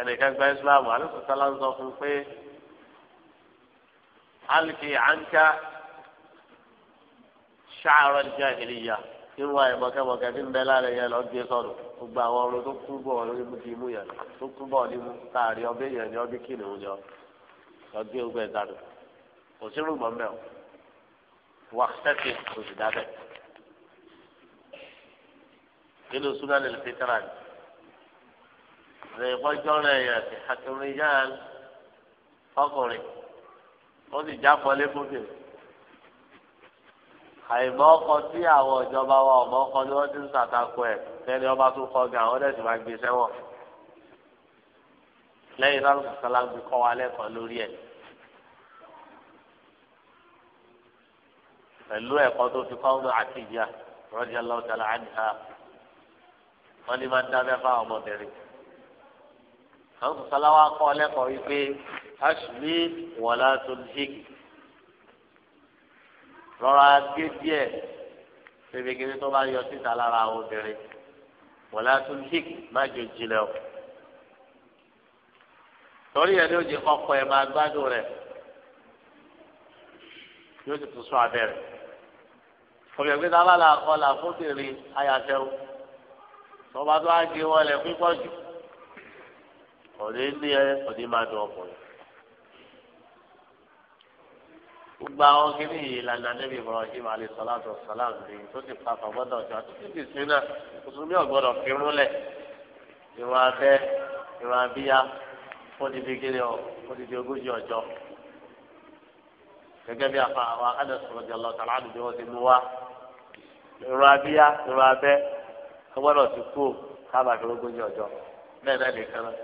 ẹnìkan gba Islam alẹ́sọ̀ sálá ń sọ fún pé alìkì ànká ṣáàrọ̀ jahiliya irú àìmọ̀kẹ́mọ̀kẹ́ tí ń bẹ lára yẹn lọ gbé sọ̀rọ̀ gbogbo àwọn ọrùn tó kú bọ̀ lórí ti imú yẹn tó kú bọ̀ nímú káàrí ọbẹ̀ yẹn ni ọbẹ̀ kìnìún yọ lọ gbé gbogbo ẹ̀ dànù kò sí rúgbọ̀n mẹ́ o wà sẹ́kì kò sì dábẹ́. nínú sunan ìfitran lè kọjọ́ rẹ̀ yẹn àti àtúnrìn yára fọkùnrin ó sì jáfọ́ lé fún bèrè àìmọ́kọ tí àwọn ìjọba wa ọ̀mọ́kọ ni wọ́n ti ń ṣàtakò ẹ̀ lẹ́ni ọba tó kọ́ gan àwọn ẹ̀sìn máa gbé sẹ́wọ̀n. lẹ́yìn náà sọ́lá ń kọ́ wa lẹ́kọ̀ọ́ lórí ẹ̀. pẹ̀lú ẹ̀kọ́ tó fi kọ́ ọ́nà àti ìyá rọ́jà lọ́tàlá àdìhà wọ́n ní máa ń dábẹ́ fáwọn ọmọbìnrin. àwọn sọ́lá wa kọ́ lẹ́kọ̀ọ́ wípé aṣùlẹ̀ wọ̀lá tó ń ṣègì rọra gé díẹ̀ bébí kiri tó bá yọ síta lára àwọn obìnrin wọlé tún hík má jò jìnlẹ̀ o torí ẹ ní oje ọkọ ẹ máa gbádùn rẹ yóò ti tún sọ abẹ rẹ obìnrin pé tábà là kọ là fóbìnrin ayàfẹ́ o tọba tó á gé wọlé pípọ̀ jù òní ní ẹ òní máa dùn ọkùnrin. gbogbo àwọn kìíní yìí lànà níbi Ibrahim alayhi salatu wa salam ní tó ti pa àfọwọ́dọ̀ ọjọ́ títí ti sin náà mùsùlùmí ọ̀gbọ́dọ̀ fírun lẹ̀ ìwà abẹ́ ìwà abíyá fún ti fi kéde ọ fún ti fi ogójì ọjọ́ gẹ́gẹ́ bí afa àwọn adẹ́sọ̀rọ̀ jẹ lọ tàlá àdùjọ wọn ti mú wa ìwà abíyá ìwà abẹ́ ọgbọ́dọ̀ ti kú káàbà fi ogójì ọjọ́ bẹ́ẹ̀ náà nìkan náà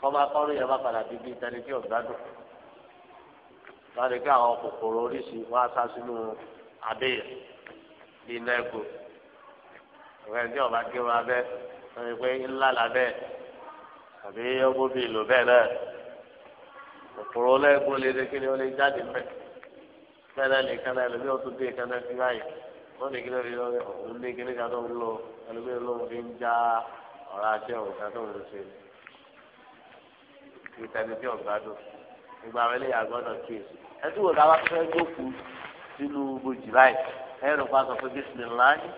fọmọ akọ́rù yẹn bá padà bíbí ìtẹ́ni tí ò gbádùn wọ́n lè gbé àwọn kòkòrò oríṣi wọ́n á sá sínú abẹ́yẹ bíi nẹ́ẹ̀gò ìwé ẹni tí ọba gé wọn abẹ́ wọ́n lè gbé ńlá làbẹ́ àbí ọgbọ́n bíi ìlú bẹ́ẹ̀ náà kòkòrò ọlẹ́gbọ́n lè dékè ni wọ́n lè jáde mẹ́ bẹ́ẹ̀ náà nìkan náà ẹlòmíì ọ̀tún dé ìkan náà fi báyìí wọ́n lè kíni lọ òun ní kíni kan tó ń lọ ẹlòmíì ló ń fi ń já ọ̀rá àti ọ̀rùn kan tó ń lọ sí i ìtẹ̀lẹ́tì ọ̀gbádùn ìgbà wẹ́lẹ́ yàgbọ́dọ̀ kíyèsí ẹtú wò láwa fẹ́ gbókù sínú bòjì báyìí ẹ̀rọ pa sọ pé bisimilahi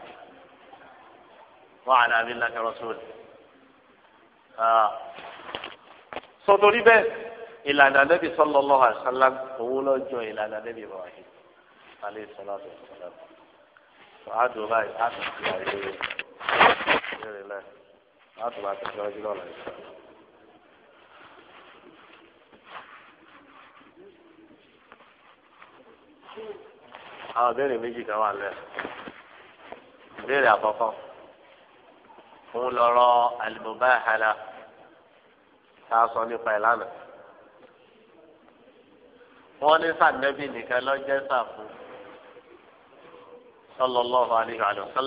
wàhálà abilahi rasuli. sọtori bẹ́ẹ̀ ìlànà nẹ́bí sallallahu alaihi wasallam òun lọ jọ ìlànà nẹ́bí Ibrahim alayhi salatu wassalam. àdùn báyìí àdùn sí àyè rẹ̀ àdùn bá tẹ̀síwájú lọ́la ìṣòro. àwọn béèrè méjì kan wà lẹ́ẹ̀ béèrè àkọ́kọ́ òun lọ́rọ̀ al-mubahala tá a sọ nípa ẹ̀ lánàá wọ́n ní sànẹ́bí nìkan lọ́jẹ́ sàfún sallallahu alayhi wa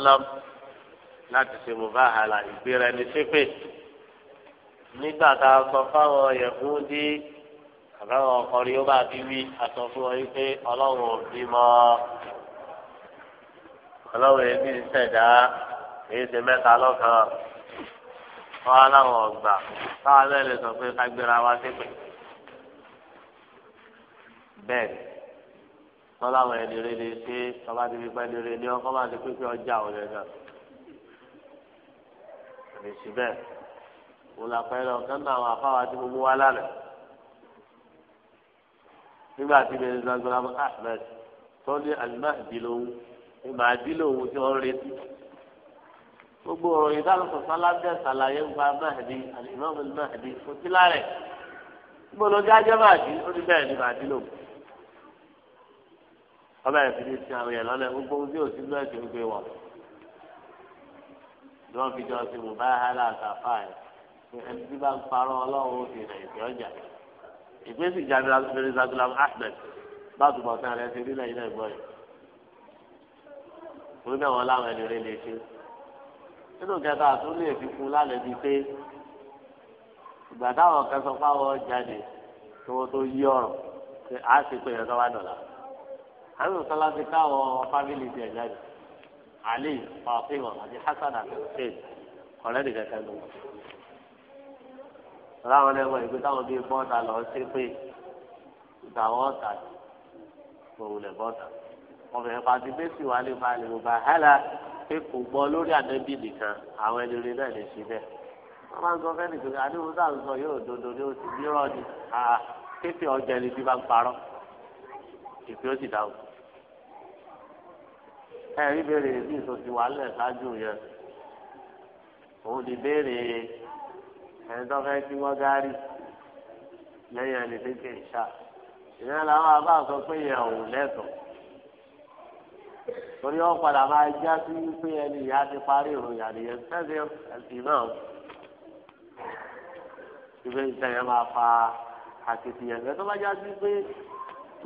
láti ṣe mubahala ìgbéra ẹni ṣépè nígbà tá a sọ fáwọn Yẹhudi àbáwọn ọkọrin ó bá bí wí aṣọ fún ọ wípé ọlọ́run ò bí mọ́ ọlọ́run èmi ń ṣẹ̀dá èyí ṣe mẹ́ta lọ́kàn wọn aláwọn ọgbà táwọn náà lè sọ pé ká gbéra wá sípè bẹ́ẹ̀ ni wọn láwọn ẹni rẹ lè ṣe ọba ti fi pẹ́ rẹ ní ọkọ máa ti pípé ọjà òun náà lè bẹ́ẹ̀ wọn làpẹ́ lọ kán àwọn afáwa ti gbogbo wa lálẹ́ nígbà tí bẹ́ẹ̀ ní zanzara ahmed tó ní alimahdi lòun ìmàdí lòun tí wọ́n retí gbogbo ọ̀rọ̀ ìdálòpọ̀ sálábẹ́ sàlàyé ńpa mahdi alimami mahdi kò sí lárẹ̀ gbọ́dọ̀ ajẹ́ mahdi ó ní bẹ́ẹ̀ ní mahdi lòun ọba ẹ̀fí ní ti àwọn yẹn lọ́lẹ̀ gbogbo ohun tí ò sí lọ́ọ̀tì ń gbé wọn ni wọ́n fi jọ sí mùbáhálà àtàfáà ẹ̀ ẹni tí bá ń parọ́ ọlọ́run ó ti rẹ̀ ìfẹ́ ọjà yẹn ìgbésí Jabir Mirza Ghulam Ahmed báàbù bọ̀tán rẹ̀ ti rí lẹ́yìn náà ìbọn yìí torí náà wọn láwọn ẹni rẹ lè ṣe nínú kẹta àtún lè fi fún lálẹ́ bíi pé ìgbà táwọn kan sọ fáwọn jáde kí wọ́n tó yí ọ̀rọ̀ pé a ṣe pé ẹ̀rọ wá dọ̀là àwọn ìsọlá ti káwọn fámìlì tiẹ̀ jáde Ali fàfihàn àti Hasan àti Hussein ọ̀rẹ́ nìkan kan ló láwọn ẹlẹ́wọ̀n ìgbé táwọn bíi bọ́ọ̀tà lọ sí pé ìtàwọn ọ̀tà òwúlẹ̀ bọ́ọ̀tà ọbẹ̀ pàtí bẹ́sì wà lè balẹ̀ òbá hálà pé kò gbọ́ lórí àdébì nìkan àwọn ẹni náà lè ṣe bẹ́ẹ̀. wọ́n máa ń sọ fẹ́ nìkan àdéhùn tá à ń sọ yóò dodo ní oṣù mìíràn ni kéfì ọjà ni bí bá ń parọ́ ìpè ó sì dáhùn. ẹ̀rí béèrè bí ìsòsì wà lẹ̀ yẹn òun ni béèrè ẹni tó fẹ́ kí wọ́n gárí lẹ́yìn ẹni tó kì í ṣá ìyẹn làwọn àbá sọ pé ìyẹn ò lẹ́tọ̀ọ́ torí wọn padà máa já sí pé ẹni ìyá ti parí ìròyìn àdìyẹ sẹ́sẹ̀ ẹ̀sìn náà ìfẹ́ ìṣẹ́ yẹn máa fa àkìtìyàn rẹ tó bá já sí pé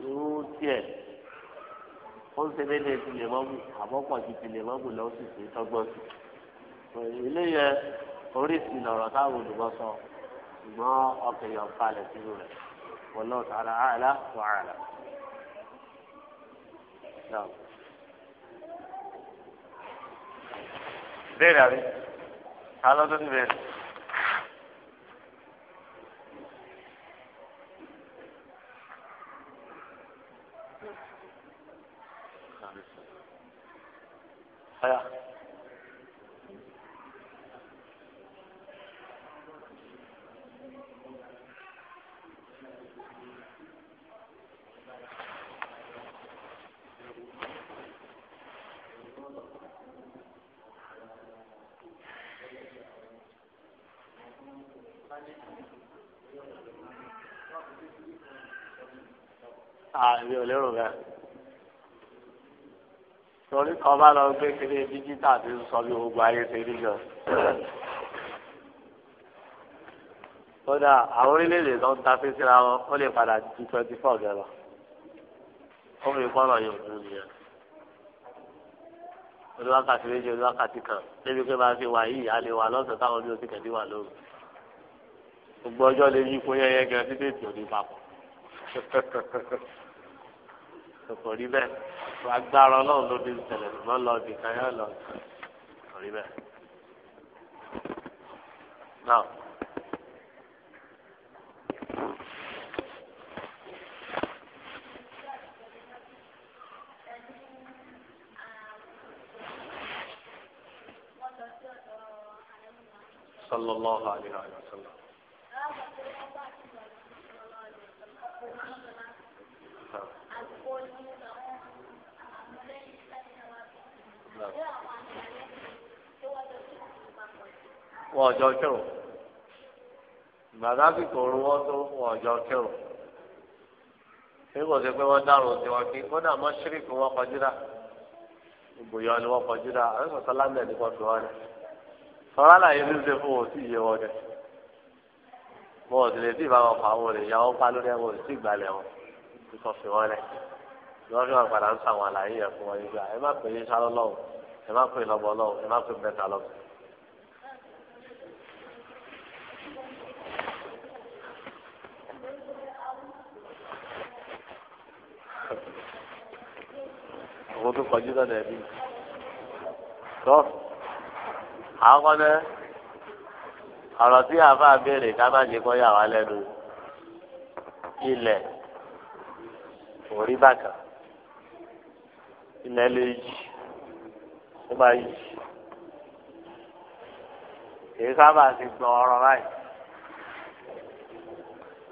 irú tiẹ̀ ó ń ṣe déédéé ti lè mọ́mù àbọ̀pọ̀ ti ti lè lọ́wọ́ sì sí tọ́gbọ́n sí. ilé oríṣi lọ̀rọ̀ táwọn olùgbọ́ sọ ṣùgbọ́n ọkàn yọ̀ falẹ̀ sínú rẹ̀ wọlé ọ̀tá ara àlá wà àlá. Béèrè àbí, ta ló tó ti béèrè? àmì òlérò rẹ̀ torí kan bá lọ gbé kiri díjítà tí ń sọ bí gbogbo ayé ṣe rí gan. kódà àwọn orílẹ̀-èdè tó ń tafé síra wọn ó lè padà ju twenty four gan ó fi kọ́nà yóò dùn nìyẹn olùwàkàtí méjì olùwàkàtí kan débi pé bá fi wà yìí a lè wà lọ́sàn-án táwọn bí o ti kẹ̀dí wà lóru gbogbo ọjọ́ lè yí ipò yẹn yẹn gan títí ètò òní papọ̀ kò rí bẹ́ẹ̀ agbára ọlọ́run ló ní ìṣẹ̀lẹ̀ ṣùgbọ́n lọ di kan yóò lọ kò rí bẹ́ẹ̀. náà. صلى الله عليه وسلم wasallam. wọ́n ọjọ́ kírun ìgbàdá sì kò wọ́n tó wọ́n ọjọ́ kírun ṣé kò sí pé wọ́n dárò sí kí kódà mọ́ ṣíríkì wọn kọjúdà ìbòyọ ni wọn kọjúdà àwọn sọlá mẹ́rin fi wọ́n rẹ̀ sọlá làyè ní ṣe fún òsì yé wọn dẹ̀ wọn ò lè sí ìbáwọn pa àwọn olè pa lórí ẹwọn òsì ìgbàlẹ̀ wọn kí fi wọ́n rẹ̀ ni fi wọn padà ń sàwọn àlàyé yẹn fún wọn yìí ẹ má pè lọ́bọ̀ ọlọ́wọ́ ẹ má pè mẹ́ta lọ́bọ̀. àwọn tó kọjú náà nà ẹbí tó àwọn kan náà ọ̀rọ̀ tí àfa béèrè ká má jẹ́ kó yà wá lẹ́nu ilẹ̀ orí bàkà ilẹ̀ lè yí ó máa yí kì í sábà ti gbọ̀n ọ̀rọ̀ báyìí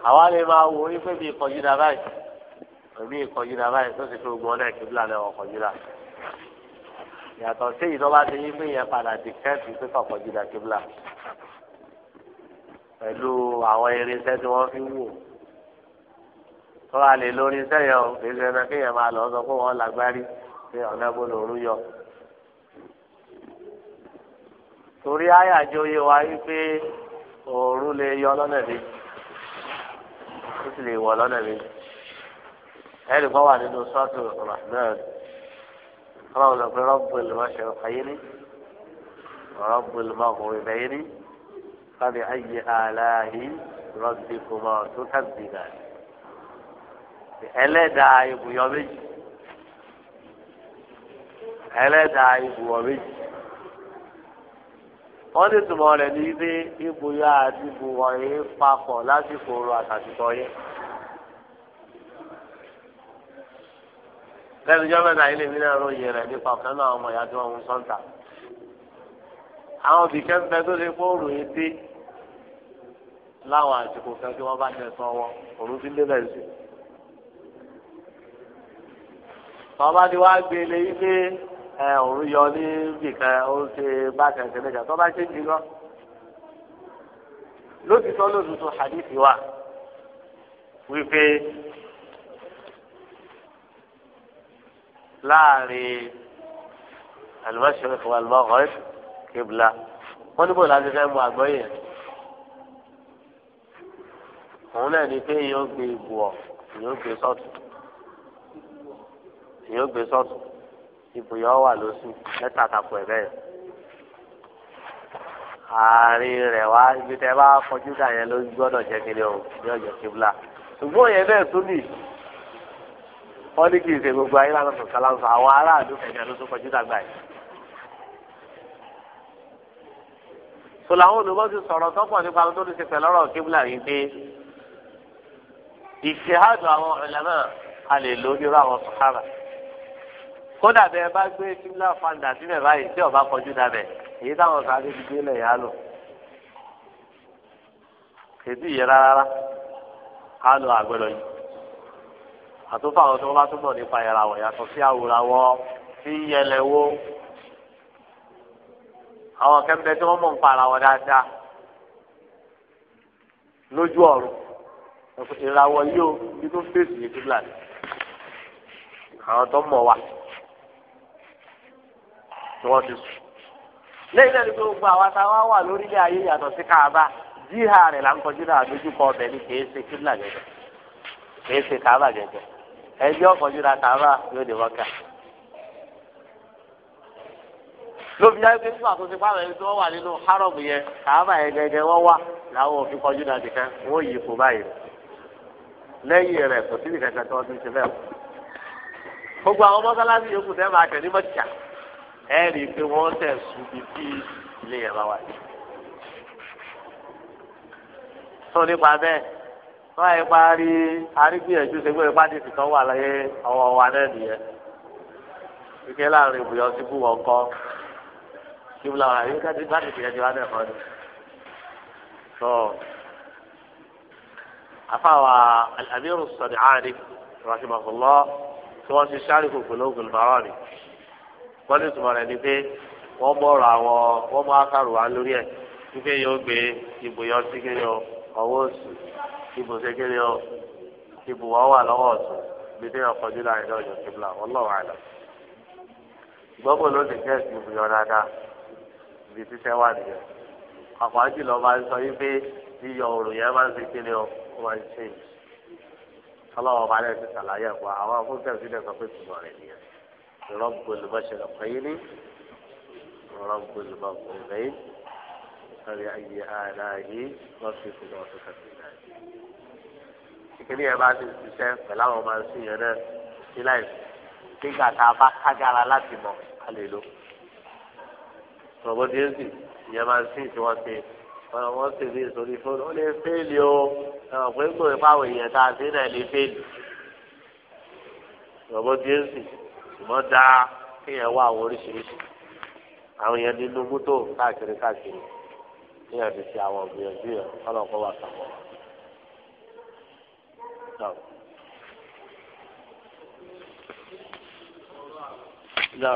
àwa lè máa wò wípé bí ìkọjú dà báyìí èmi ìkọjú dà báyìí tó ti fi gbọ́n náà kí bílà lẹ́wọ̀n kọjú dà yàtọ̀ sí èyí bá ti yín pé yẹn padà di kẹ́ẹ̀tì pé kọ̀kọ́jú dà kí bílà pẹ̀lú àwọn irinṣẹ́ tí wọ́n fi wò tó a lè lórí iṣẹ́ yẹn kì í ṣe ẹni kéèyàn máa lọ sọ pé wọ́n lágbárí pé ọ̀nà bó lòórú yọ torí àyájọ́ yé wa wípé òòrù lè yọ lọ́nà mi ó sì lè wọ̀ lọ́nà mi ẹ̀rì kan wà nínú sọ́ọ̀tù rahman ọlọ́run lọ pé rọ́bù ìlúmọ̀ ṣe ọ̀fàyé ní rọ́bù ìlúmọ̀ ọkùnrin bẹ́yé ní fábí ayé aláhi rọ́bì kùmọ̀ tó tàbí náà ẹlẹ́dàá ibùyọ méjì ẹlẹ́dàá ibùyọ méjì wọ́n ní ìtumọ̀ rẹ̀ ní pé ibùyọ àti ibùwọ̀ yìí papọ̀ lásìkò oru àtàtìkọ yìí. lẹ́nu ìjọba náà ilé mi náà ròyìn rẹ̀ nípa ọ̀kan náà ọmọ ìyá tí wọ́n ń sọ́ńtà. àwọn òbí kẹ́ńpẹ́ tó lè kó òrò yìí dé láwọn àsìkò kan tí wọ́n bá jẹ sọ wọn òru ti lé bẹ́ẹ̀ sí. ti wá gbé e lé ẹ òun yọ ní bìkan ó ṣe bákan kẹlẹjà tó bá ṣe jù lọ lótìtọ́ lótìtọ́ hadithi wa wípé láàrin alimọ̀ṣẹ́ fún alimọ̀kọ́ kébìlà wọ́n níbo láti fẹ́ mú àgbọ́yé òun náà ni pé yóò gbé ibùọ̀ yóò gbé sọ́tù yóò gbé sọ́tù ibùyọ wà lóṣù mẹ́ta takò ẹ bẹ́ẹ̀ ààrin rẹ̀ wá ibi tẹ́ bá kọjú dà yẹn ló gbọ́dọ̀ jẹ́ kele o ní ọjọ́ kíbla ṣùgbọ́n yẹn bẹ́ẹ̀ tún nì wọ́n ní kì í ṣe gbogbo ayé lánàá tó kálá ń sọ àwọn aráàlú kẹ̀kẹ́ ló tún kọjú dàgbà yìí. sọ làwọn olùkọ́ ti sọ̀rọ̀ tọ́pọ̀ nípa tó ní ṣe pẹ̀lú ọ̀rọ̀ kíbla yìí pé ìṣèhádùn àwọn ọ̀rẹ́lẹ̀ náà a lè lóyún àwọn sọ̀hárà kódà bẹ́ẹ̀ bá gbé fílà fanda síbẹ̀ báyìí tí ọba kọjú dabẹ̀ èyí táwọn sáré ti gbé lẹ̀ yá lò kètì yẹ rárá á lọ àgbẹ̀lọ yìí àtúntò àwọn tó bá túbọ̀ nípa ìràwọ̀ yàtọ̀ sí àwòránwọ́ sí yẹlẹwó àwọn kẹ́mbẹ́ tí wọ́n mọ̀ ń pa ara wọn dáadáa lójú ọ̀run ìràwọ̀ yìí ó ibi tó fèsì yìí kíbla ni àwọn tó mọ̀ wá. tí wọ́n ti sùn. lẹ́yìn náà ni gbogbo àwa tá wà lórílẹ̀ ayé yàtọ̀ sí káàbà jíhà rẹ̀ là ń kọjú náà àdójúkọ ọbẹ̀ ni kì í ṣe kíbla gẹ́gẹ́ kì í ṣe gẹ́gẹ́ ẹjọ́ náà yóò dé wọ́kà. lóbi yá pé fún àtúnṣe pàmò ẹni tí wọ́n wà nínú yẹn yẹn gẹ́gẹ́ wọ́n wà òfin kọjú náà wọ́n yí ipò báyìí lẹ́yìn rẹ̀ kò sí ẹ pé wọ́n tẹ̀ subi bí ilé yẹn bá wà ní. tó nípa bẹ́ẹ̀ wọ́n á yẹ arígbìyànjú ṣe pé ipá tètè kan wà láyé ọwọ́ wa náà nìyẹn. ike láàrin ìbùyọ sí bú wọn kọ́ kí wọ́n làwọn àyíká ti bá tètè yẹn ti wá ni. tó afáwa al-Amir as-San'ani rahimahullah tí wọ́n ti sáré kòkòrò ògùn ni wọ́n ní rẹ̀ ni pé wọ́n mọ̀rọ̀ àwọn wọ́n mọ akárò wa lórí ẹ̀ wípé yóò gbé ibò sí kéde ọ ọwọ́ òsì ibò sí kéde ọ wà lọ́wọ́ ọ̀tún ibi tí wọ́n kọjú láàrin náà yọ kíbla ọlọ́wọ́ àlọ́ gbọ́bọ̀ ló lè kẹ́sì ibò yọ dáadáa ibi tí sẹ́wà nìyẹn àpò àjùlọ máa ń sọ wípé yíyọ òrùn yẹn máa ń ṣe kéde ọ ó máa ń ṣe ọlọ́wọ́ máa ń ṣe ẹ̀kọ́ àwọn afúnkẹ́ sílẹ̀ رب المشرقين ورب المغربين فبأي آلاء ربكما تكذبان kíkiri yẹn bá ti ṣiṣẹ́ pẹ̀lú àwọn ọmọ ẹ̀sìn yẹn náà sílẹ̀ nígbà tá a bá kágara láti mọ̀ a lè lò. rọ̀bọ̀dì ẹ̀sìn ìyẹn máa ń sìn tí wọ́n ṣe wọ́n sì ní ìsòrí fóònù ó lè fẹ́ẹ̀lì o ẹ̀wọ̀n pé gbòòrò fáwọn èèyàn tá a sí náà lè fẹ́ẹ̀lì. rọ̀bọ̀dì ẹ̀sìn ṣùgbọ́n dáa kéèyàn wá àwọn oríṣiríṣi àwọn èèyàn nínú mọ́tò káàkiri káàkiri kéèyàn ti ṣe àwọn ìgbìyànjú yẹn kọ́lọ́kọ́ wà sàmọ́. No.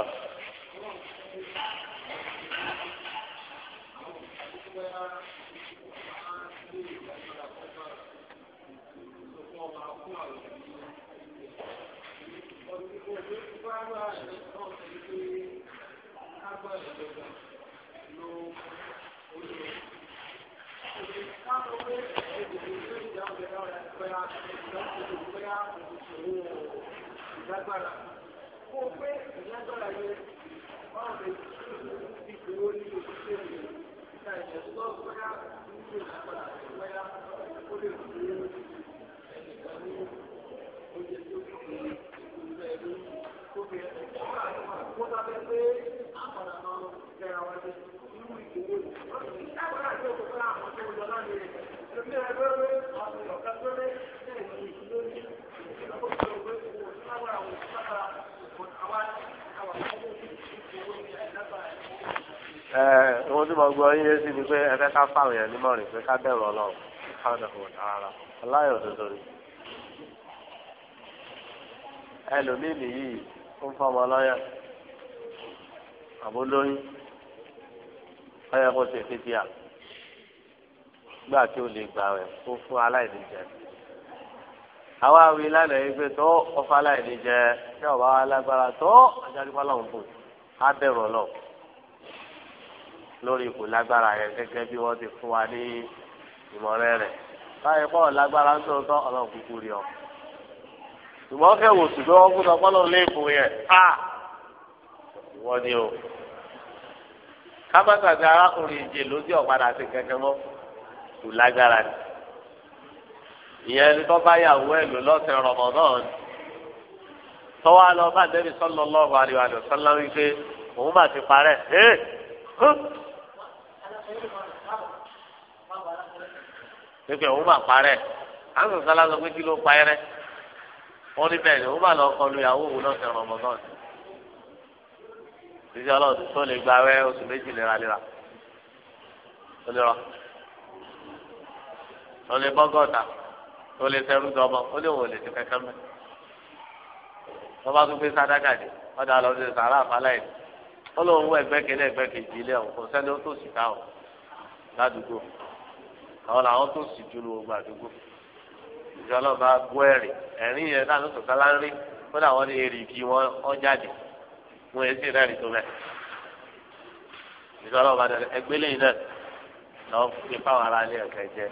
lágbára kó o pé ìlágbára yẹn máa lè fi ìwé ní oṣù tẹ̀lé ìta ìṣẹ̀lú lọ́wọ́ bóyá ní ìlú lágbára rẹ̀. ẹ tí mo gbọ́ yín sí ni pé ẹ ká fáwọn yẹn ní mọrin pé ká bẹ̀rù Ọlọ́run káwọn ọmọ tààrà aláyọ̀ òdodo ni ẹlòmíì nìyí ó ń fọmọ lọ́yà àbó lóyún ọyẹ kó ṣe fi bíà gbà tí ó lè gbà rẹ kó fún aláìní jẹ àwa wí lánàá yìí pé tó ọfọ aláìní jẹ tí ọba wa lágbára tó ajá nípa lọ́hùn á bẹ̀rù Ọlọ́run lórí ipò lágbára yẹn gẹ́gẹ́ bí wọ́n ti fún wa ní ìmọ̀rẹ́ rẹ̀ báyìí pọ̀ lágbára ń sọ̀rọ̀ ọlọ́run kúkú rí ọ. ṣùgbọ́n kẹ́ wò ṣùgbọ́n wọ́n gbọ́dọ̀ pọ́lọ́ lé ipò yẹn a wọ́n ni o. kábàtàgbé arákùnrin ìjẹ lójú ọ̀padà ti kẹ̀kẹ́ mọ́ kù lágbára ni. ìyẹn ni tọ́ bá yàwó ẹ̀ lò lọ́sẹ̀ rọ̀mọ̀dán tọ́wọ́ lọ bá dẹ́bi sọ́lọ́ lọ́ọ̀rọ̀ àríwá lọ́sọ́lá wípé pípẹ́ òun máa parẹ́ àwọn sọ̀rọ̀ lọ pé kí ló pa ní ni òun máa lọ kọlu ìyàwó òun náà sẹ̀rọ̀ ọmọdún ìdíje tó lè gba oṣù méjì lè rọ lè lè ó lè wò lè ti bá tún gbé dé dà lọ sí sàrà àfàlàyé ó lóun wọ kejì kejì ilé kò ládùúgbò àwọn làwọn tó sì jù ya gbàdúgbò ìjọba bá nri ẹ̀rìn ẹ̀rìn yẹn náà ló sọ̀tà láńrí kódà wọ́n ní èrì kí wọ́n jáde wọ́n yẹn bá yìí náà fi fáwọn ará jẹ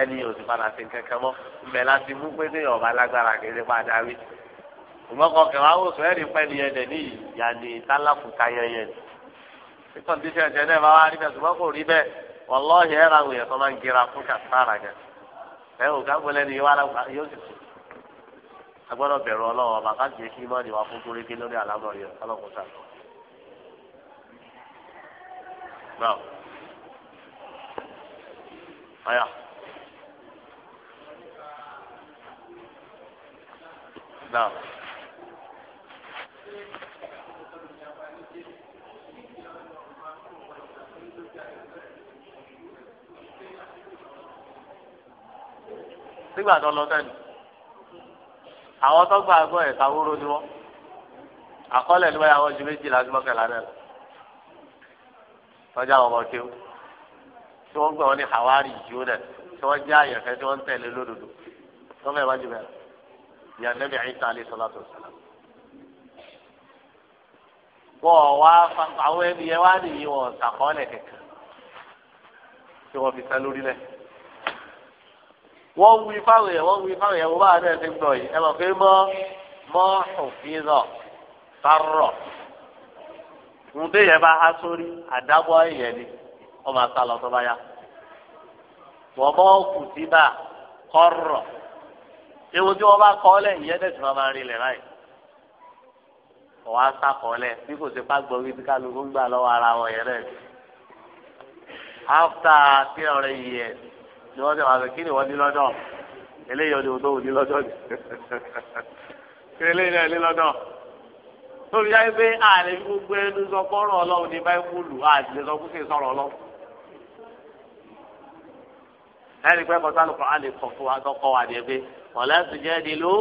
ẹni yóò ti padà sí láti mú pé lágbára kéde kẹwàá ni yẹn yẹn ní náà rí bẹ́ẹ̀ ṣùgbọ́n kò wàlọ́ọ̀hì ẹ̀rọ àwọn èèyàn tó máa ń gira fún kàtàrà gẹ̀ ẹ̀ ò ká gbọ́lẹ́ ni yóò sì sùn agbọ́dọ̀ bẹ̀rù ọlọ́wọ́ ọba jẹ́ kí mọ́ni wá fún kúrégé lórí àlámọ̀rí ọlọ́kùn nígbà tó lọ sẹ́nu àwọn tó gba àgbọ̀ ẹ̀ka wóró ni wọ́n àkọọ́lẹ̀ ni wọ́n yà wọ́n ju méjìlá sí mọ́kànlá náà tọ́jà àwọn ọmọ kéwù tí wọ́n gbà wọ́n ní hawari yìí náà tí wọ́n já àyànfẹ́ tí wọ́n tẹ̀lé lódodo tó fẹ́ wájú bẹ́ẹ̀ ni anabi Isa alayhi salatu wa salam wọ́n wá àwọn ẹni yẹn wá nìyí wọ́n sàkọọ́lẹ̀ kẹ̀kẹ́ tí wọ́n fi sá lórílẹ̀ wọ́n wí fáwọn èèyàn wọ́n wí fáwọn èèyàn wọ́n bá náà ti ń gbọ́ yìí ẹ mọ̀ pé mọ́ mọ́ òfin náà kárọ̀ ń dé yẹn bá há sórí àdábọ̀ èèyàn ni wọ́n máa sá lọ tó bá yá wọ́n mọ́ kùtì bá kọ́rọ̀ ewu tí wọ́n bá kọ́ lẹ̀ ìyẹn tẹ̀sí máa máa rí lẹ̀ láì wọ́n á sá kọ́ lẹ̀ bí kò sí pàgbọ́ wí tí kálukú ń gbà lọ́wọ́ ara wọn yẹn náà ni wọ́n ti wà pé kí ni wọ́n ní lọ́dọ̀ eléyìí ọdún tó wù ní lọ́dọ̀ ni kí eléyìí náà ní lọ́dọ̀ lórí ayé pé àlè fi gbogbo ẹnu sọ fọ́rọ̀ ọlọ́run ní báíbùlù àlè sọ fún kí n sọ̀rọ̀ ọlọ́run ẹni pẹ́ kọ́tà lóko àlè kọ̀ fún wa tọkọ wà ní ẹgbẹ́ wala tujadilu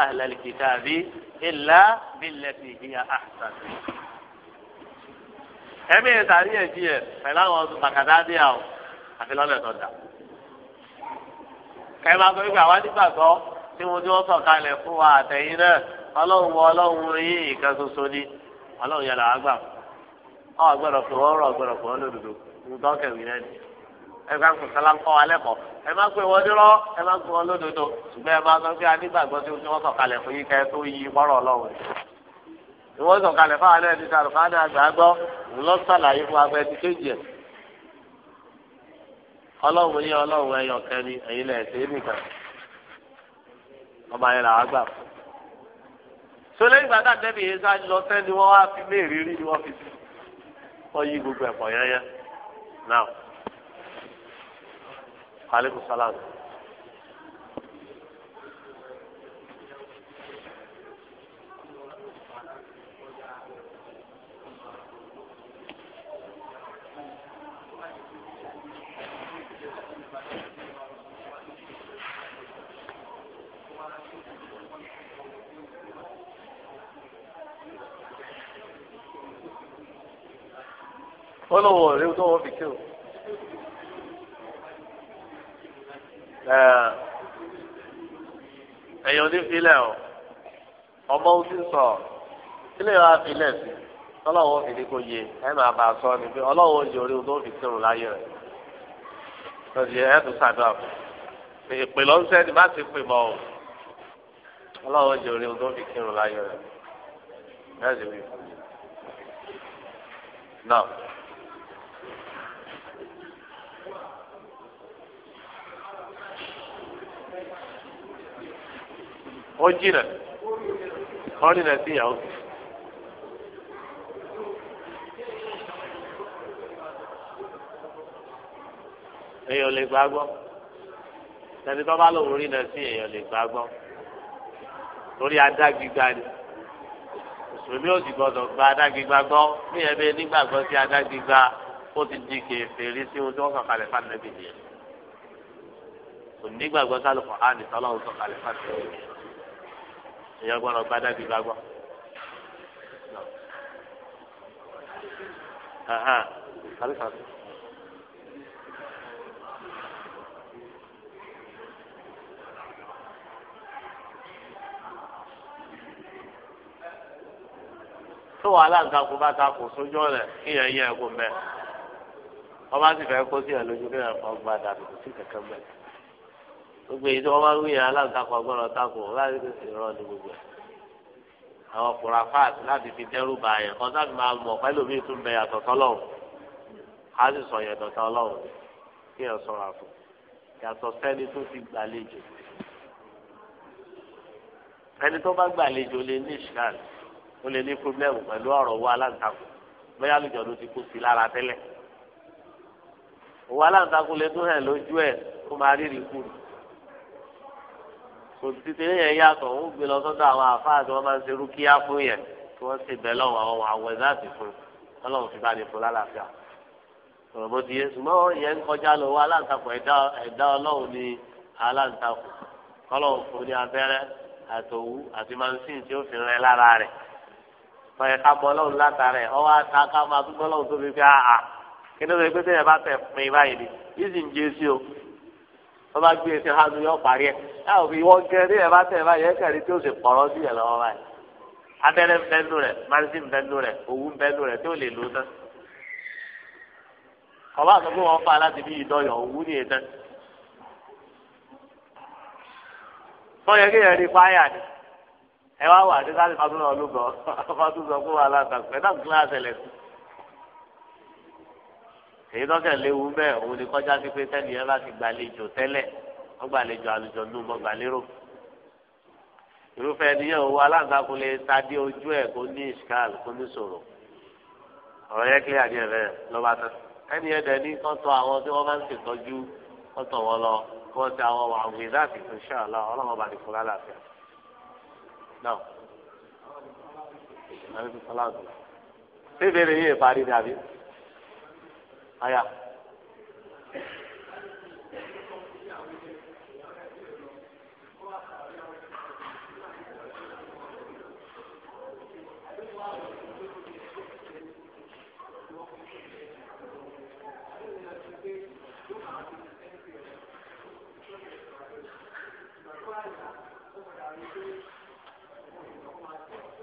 ahlal kitabi illa billati hiya ahsan ẹ̀mí ìtàrí ẹ̀jí ẹ̀ pẹ̀lú àwọn bàkàdá díà ọ̀ àfi lọ́lẹ̀ tó dà. ẹ máa sọ wípé àwa nígbàgbọ́ tí mo ní wọ́n sọ kalẹ̀ fún wa àtẹ̀yìn náà ọlọ́run wọ ọlọ́run rí soso ọlọ́run ọ náà ni ẹ bá ń kó sọlá ń kọ́ wa lẹ́kọ̀ọ́ ẹ sọ pé anígbàgbọ́ tí sọ kalẹ̀ fún yín kẹ́ tó yí ọlọ́run sọ kalẹ̀ ẹni tí àgbà ọlọ́run yín ọlọ́run ẹyọ kẹni ẹ̀yin lẹ̀ ṣe é nìkan ọba yẹn làwọn gbà. sọlẹ́ ìgbà tá àtẹ́bí yẹn sá lọ sẹ́ ni wọ́n wá fi léèrè rí ni wọ́n fi sí wọ́n gbogbo ẹ̀pọ̀ yẹn yẹn ó lóun ò tó wọn fi kí o. ẹ̀yin onífilẹ̀ o ọmọ ó ti sọ ilé wa filẹ̀ sí ọlọ́wọ́ fi ní kó yé ẹ máa bá a sọ ni pé ọlọ́wọ́ yìí orí tó fi kírun láyé rẹ̀ lọ́sì ẹ̀ tó sàdúrà fún ìpè lọ́sẹ̀ ni bá ti pè mọ́ o ọlọ́wọ́ yìí orí tó fi kírun láyé rẹ̀ lọ́sì wí fún mi. náà. ó jìnà wọ́n rìnà sí ìyàwó. èèyàn lè gbà gbọ́ tẹ̀sí tó bá lòun rìnà sí èèyàn lè gbà gbọ́ torí adágbígba ni mùsùlùmí ò sì gbọdọ̀ gba adágbígba gbọ́ bí ẹ nígbàgbọ́ sí adágbígba ó ti di kèfèrí sí ohun tí wọ́n sọ̀kalẹ̀ fáńdẹ́bì nìyẹn kò nígbàgbọ́ sálùkọ̀ á nìtọ́lọ́hún sọ̀kalẹ̀ fáńdẹ́bì nìyẹn èèyàn gbọ́dọ̀ gbádá bí gbàgbọ́. tó wàhálà nǹkan kó bá ta kò sójú ọ̀rẹ́ kí yẹn yẹ ẹ̀kú mẹ́ wọ́n bá sì fẹ́ kó sí ẹ̀ lójú kí yẹn fọ́ gbádà kò sí kẹ̀kẹ́ mẹ́. gbogbo èyí tí wọ́n bá wí yẹn aláǹtakọ̀ ọgbọ́n ọ̀tàkùn láti fi gbogbo ọkpọrọ àwọn kùràfáàt láti fi dẹ́rù bá yẹn kan sábì máa mọ̀ pẹ́lú mi tún bẹ yàtọ̀ tọ́lọ́hùn á sọ yẹn dọ̀tà ọlọ́hùn kí ẹ̀ sọ̀rọ̀ àfọ̀ tó ti gbàlejò ẹni tó bá gbàlejò lè ní ó lè ní owó ló ti sí lára owó lè lójú kó kò sí tẹ́lẹ̀ yẹn yàtọ̀ wọ́n gbé lọ sọ́dọ̀ àwọn àfáà tí wọ́n máa ń ṣe rúkìá fún yẹn tí wọ́n sì bẹ́ lọ́wọ́ àwọn àwẹ̀ láti fún ọlọ́run fi bá lè fún lálàáfíà ọ̀rọ̀ bó ti yẹ ṣùgbọ́n yẹn ń kọjá lọ wọ aláǹtakùn ẹ̀dá ọlọ́run ní aláǹtakùn kọ́lọ́run fún ní abẹ́rẹ́ àtòwú àti mansin tí ó fi rẹ lára rẹ̀ ọ̀yẹ ká bọ́ ọlọ́run látara ọwọ́ ata ká máa dúpọ́ ọlọ́run tó fi fi àhà kí ló ń gbé tẹ̀yẹ̀ bá tẹ̀ pin báyìí ni yìí jẹ́ sí o tó bá gbé ẹsẹ̀ hánú yọ parí ẹ̀ láwọn òbí wọ́n gẹ́ ní ẹ̀ bá tẹ̀ báyìí ẹ̀kẹ́rì tí ó sì pọ̀rọ̀ sí ẹ̀ lọ́wọ́ báyìí abẹ́rẹ́ bẹ́nu rẹ̀ marisim bẹ́nu rẹ̀ òwú bẹ́nu rẹ̀ tó lè lò tán ọba àti pé wọ́n fa láti bí ìdọ́yọ̀ òwú ní ìtàn wọ́n yẹ kéèyàn rí fáyà ni ẹ wá wà ní sáré fàtúnà olùgbọ́ fàtúnà kó wà èyí tọ́kẹ̀ léwu bẹ́ẹ̀ òun ni kọjá sí pé tẹ́lẹ̀ yẹn bá ti gbàlejò tẹ́lẹ̀ wọ́n gbàlejò àlùjọ nù mọ́ gbàlérò irúfẹ́ ẹniyẹn owó aláǹtakùn lè ta dé ojú ẹ̀ kó ní ìṣkàl kó ní sòrò ọ̀rọ̀ yẹn kílíà ní ẹ̀rẹ́ lọ́ba tán ẹniyẹn dẹ̀ ní kọ́ tọ àwọn tí wọ́n máa ń ṣètọ́jú kọ́ tọ̀ wọ́n lọ kí wọ́n ti àwọn àwìn láti àyà. Thank you.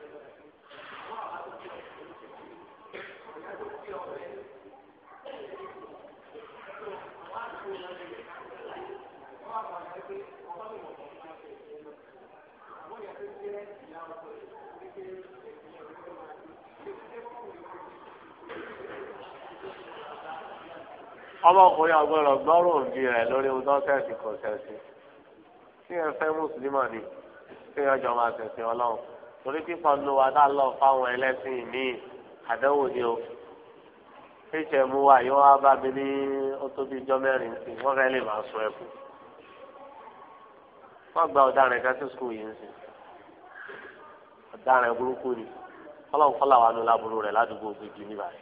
ọmọkùnrin ọgbọ́dọ̀ gbọ́rọ̀ òbí rẹ̀ lórí ohun tó sẹ̀sì kò sẹ̀sì tí ẹ fẹ́ mùsùlùmọ̀ ni tí ẹ jọ máa sẹ̀sì ọlọ́run torí pípọ̀ ń lo wa dá lọ fáwọn ẹlẹ́sìn míì àdánwò ni o fíṣẹ̀ mú wa yóò wá bá mi ní ó tó bí ijọ́ mẹ́rin sí wọ́n fẹ́ lè máa sọ ẹ̀kú wọ́n gba ọ̀daràn kan sí skul yìí ń sìn ọ̀daràn burúkú ni ọlọ́run fọlá wa nù láburú rẹ̀ ládùúgbò gbèjì níbàyìí.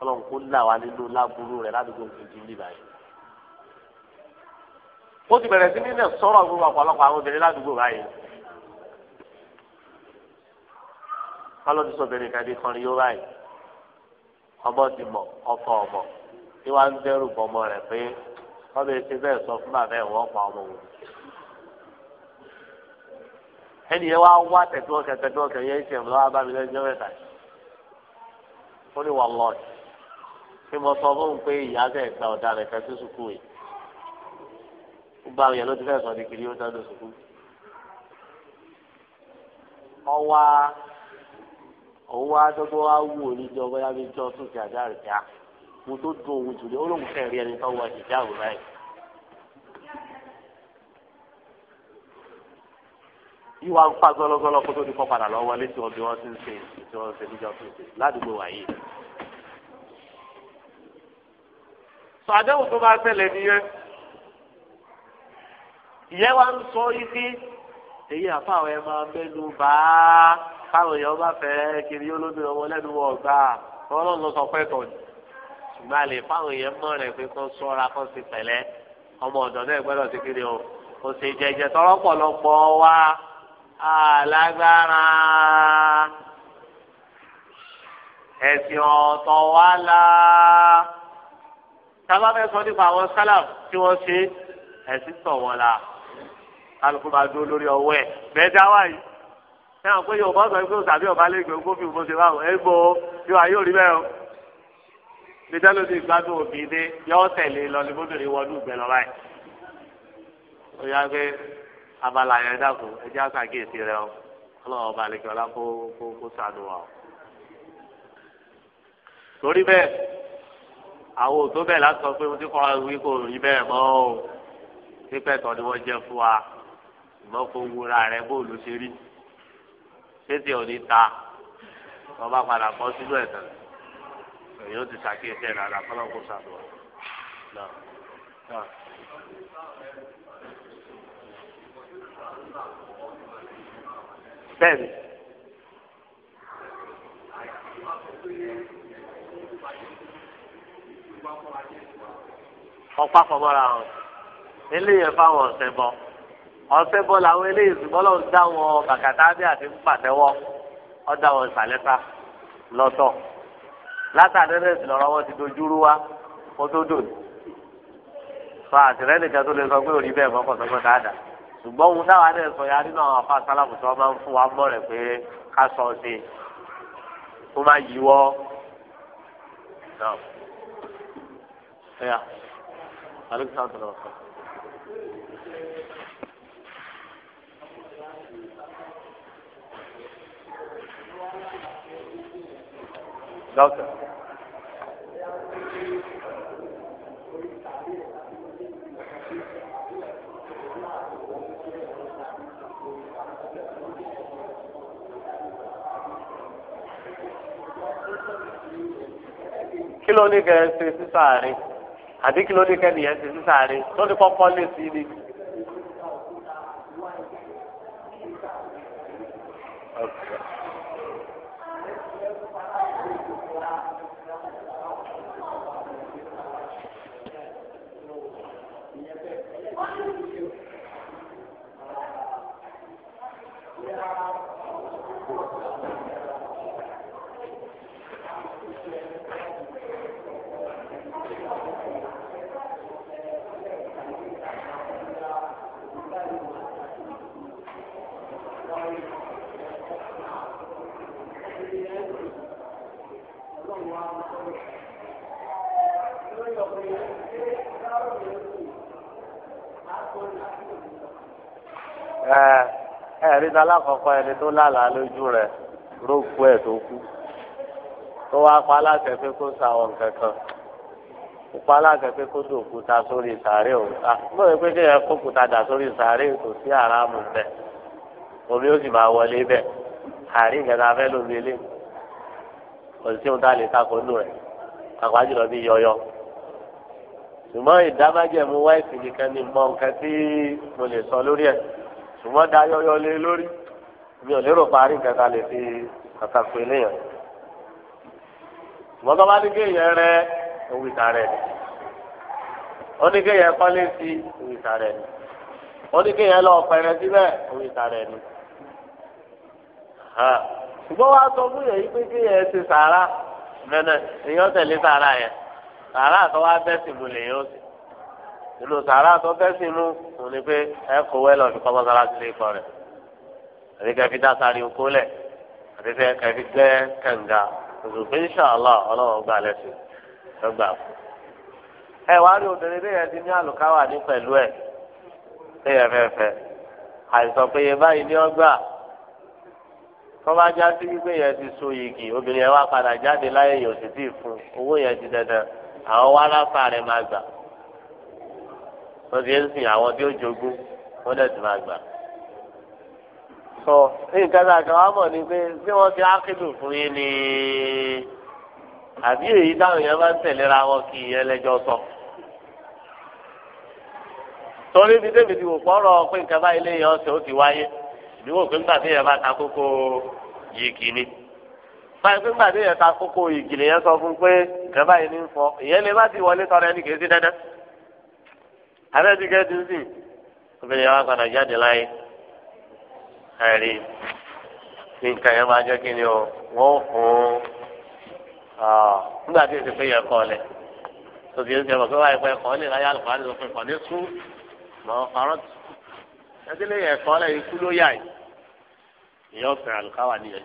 ọlọ́run kó là wá nínú láburú rẹ̀ ládùúgbò tuntun níbà yìí. ó ti bẹ̀rẹ̀ sí nílẹ̀ sọ̀rọ̀ gbogbo ọ̀pọ̀lọpọ̀ àwọn obìnrin ládùúgbò báyìí. kálọ́dún sọ̀bẹ̀rẹ̀ kan dé kọrin yóò báyìí ọmọ ti mọ̀ ọkọ ọmọ tí wàá ń dẹ́rù rẹ̀ pé bẹ́ẹ̀ sọ fún ọmọ yẹn wá wá yẹn ń ṣe mẹ́ta ó ní pé mo sọ fóun pé ìyá fẹ́ gba ọ̀daràn kan sí sùkú yìí ó bá òye ló ti fẹ́ sọ ó dáná sùkú. ọwá òun wá dọ́gbọ́n wá wù ó níjọ bóyá bí jọ tún ti àdá rẹ̀ já mo tó dùn òun jù ó lóun fẹ́ rí ẹni tó wọ ìjà òwúrọ̀ yìí. ìwà ń pa gọlọgọlọ kó tó di kọ́ padà lọ wọlé tí wọ́n bí wọ́n ti ń ṣe tí wọ́n ń ṣe níjọ́ tó ṣe ládùúgbò wáyé. tó àdéhùn tó bá tẹ̀lé nìyẹn ìyẹn wa ń sọ ibi èyí àfàwọn ẹ máa mẹ́nu bá káwọn èèyàn bá fẹ́ kiri olómi ọmọ lẹ́nu wọ̀ gbà wọn lọ lọ sọ pé tọ̀ ṣùgbọ́n àlè fáwọn èèyàn mọ̀ rẹ̀ pé kó sọ́ra kó sì pẹ̀lẹ́ ọmọ ọ̀dọ́ náà gbọ́dọ̀ ti kiri o kò sì jẹ́jẹ́ tọrọ pọ̀lọpọ̀ wa alágbára ẹ̀sìn ọ̀tọ̀ wa la sábà sọ nípa àwọn sálàm tí wọ́n ṣe ẹ̀sìn tọ̀ wọn la kálukú máa dúró lórí ọwọ́ ẹ̀ bẹ́ẹ̀ dá wáyé ẹ hàn pé yorùbá sọ pé òsàbí ọba lẹ́gbẹ̀ẹ́ ogún fi òbó ṣe báwọn ẹ gbọ́ yóò ayé òrí bẹ́ẹ̀ o dídáló ti gbádùn òbí dé yọ tẹ̀lé lọ ní bóbìnrin wọnú ìgbẹ́ lọ báyìí ó yá pé abala yẹn dàkún ẹjẹ́ àṣàkíyèsí rẹ o ọlọ́run ọba àlekè ọlá kó kó kó wa o torí bẹ́ẹ̀ àwọn òtó bẹ́ẹ̀ láti sọ pé mo ti kọ́ wí kò rí bẹ́ẹ̀ mọ́ o pípẹ́ tọ́ ni wọ́n jẹ́ fún wa ìmọ̀ kó wúra rẹ bóòlù ṣe rí tètè òní ta wọ́n bá padà kọ́ sínú ẹ̀sán èyí ó ti ṣàkíyèsí ẹ̀ dáadáa kọ́ lọ́kùn ṣàdùn bẹ́ẹ̀ni ọ̀pá fọmọ́ra wọn eléyìí fáwọn ọ̀sẹ̀ bọ̀ ọ̀sẹ̀ bọ̀ làwọn eléyìí ṣùgbọ́n lọ́n dá wọn bàkàtà bí àti pàtẹ́wọ́ ọ̀dà wọn ìsàlẹ́ta lọ́tọ̀ látàdẹ́rẹ́sì lọ́rọ́ wọn ti dojúrú wa kó tó dòdò sọ àtìrẹ́ nìkan tó lè sọ pé òní bẹ́ẹ̀ mọ́kàn sọ́gbọ́n dáadáa ṣùgbọ́n ohun táwa náà sọ yára nínú àwọn afá sálàmù tí wọ́n máa ń fún wa mọ́ rẹ̀ pé ká sọ ọ́ sí i kó má yíwọ́ ẹ̀yà alẹ́ sáà tẹ̀lé ọ̀sán. Dọ́kítà. kí ló ní kẹ́ ẹ ṣe sísàárín àbí kí ló dé kẹ́ni yẹn ti sísàárẹ̀ tó ní kọ́kọ́ lé sí ni. Okay. ẹ̀rí ta lákọ̀ọ́kọ́ ẹni tó lálàá lójú rẹ̀ rókú ẹ̀ tó kú tó wá pa aláṣẹ pé kó sàwọn kankan kó pa aláṣẹ pé kó sórí sàárè òun ta lóye pé dà sórí sàárè kò sí àràmù bẹ omi ó sì máa wọlé bẹ ta kó nù ṣùgbọ́n ìdámájẹ̀mú wáìfì nìkan ni mọ nǹkan tí mo lè sọ lórí ẹ̀ ṣùgbọ́n dayọyọ lé lórí mi ò lérò parí nǹkan ta lè fi pàtàkì eléyàn ṣùgbọ́n tó bá ní kéèyàn rẹ òwú ìta rẹ ni ó ní kéèyàn kọ́lé sí òwú ìta rẹ ni ó ní kéèyàn lọ pẹrẹ síbẹ̀ òwú ìta rẹ ni ṣùgbọ́n wàá sọ fún yẹn yí pé kéèyàn ti sàárà mẹ́nẹ̀ èèyàn tẹ̀lé sàárà yẹn. sàrà àtọ wa bẹsìn mu lè yóò sè sàrà mu òun ni pé ẹ kó ní kọmọsára sí ilé kan rẹ̀ àti kẹfí dá sáré oko lẹ àti kẹfí gbẹ Ọlọ́run gbà fún ẹ wá rí obìnrin ní àlùkáwà ní pẹ̀lú ẹ̀ fẹ́ fẹ́ àìsàn báyìí ní ọgbà tó bá já sí yẹn ti so yìgì àwọn wá láfa rẹ̀ máa gbà wọ́n ti ń sìn àwọn tí ó jogún wọ́n dẹ̀ ti máa gbà. sọ nǹkan tá a kàn wá mọ̀ ni pé bí wọ́n ti ákédù fún yín ni àbí èyí táwọn èèyàn bá ń tẹ̀léra wọn kì í ẹlẹ́jọ́ sọ. torí bí débi ti wò pọ́nrọ̀ pé nǹkan báyìí lè yàn ọ̀sẹ̀ ó ti wáyé ìdíwọ̀ pé nígbà tí èèyàn bá ta kókó yìí kì í ni. báyìí pé gbàdé yẹn ta kókó ìgìlẹ̀ yẹn sọ fún pé nǹkan báyìí ní ń fọ ìyẹn lè má ti wọlé tọrọ ẹni kì sí dandan abẹ́ ti kẹ́ ti ń sìn obìnrin yẹn wá padà jáde láyé ẹ̀rí nǹkan yẹn máa jẹ́ kí ni o wọ́n fún ah, nígbà tí èsì pé yẹn kọ́ lẹ̀ tòbí èsì ẹ̀mọ̀ pé wáyé pé lè láyé àlùkò àti òfin kọ́ ní lẹ̀ ikú ló yà yìí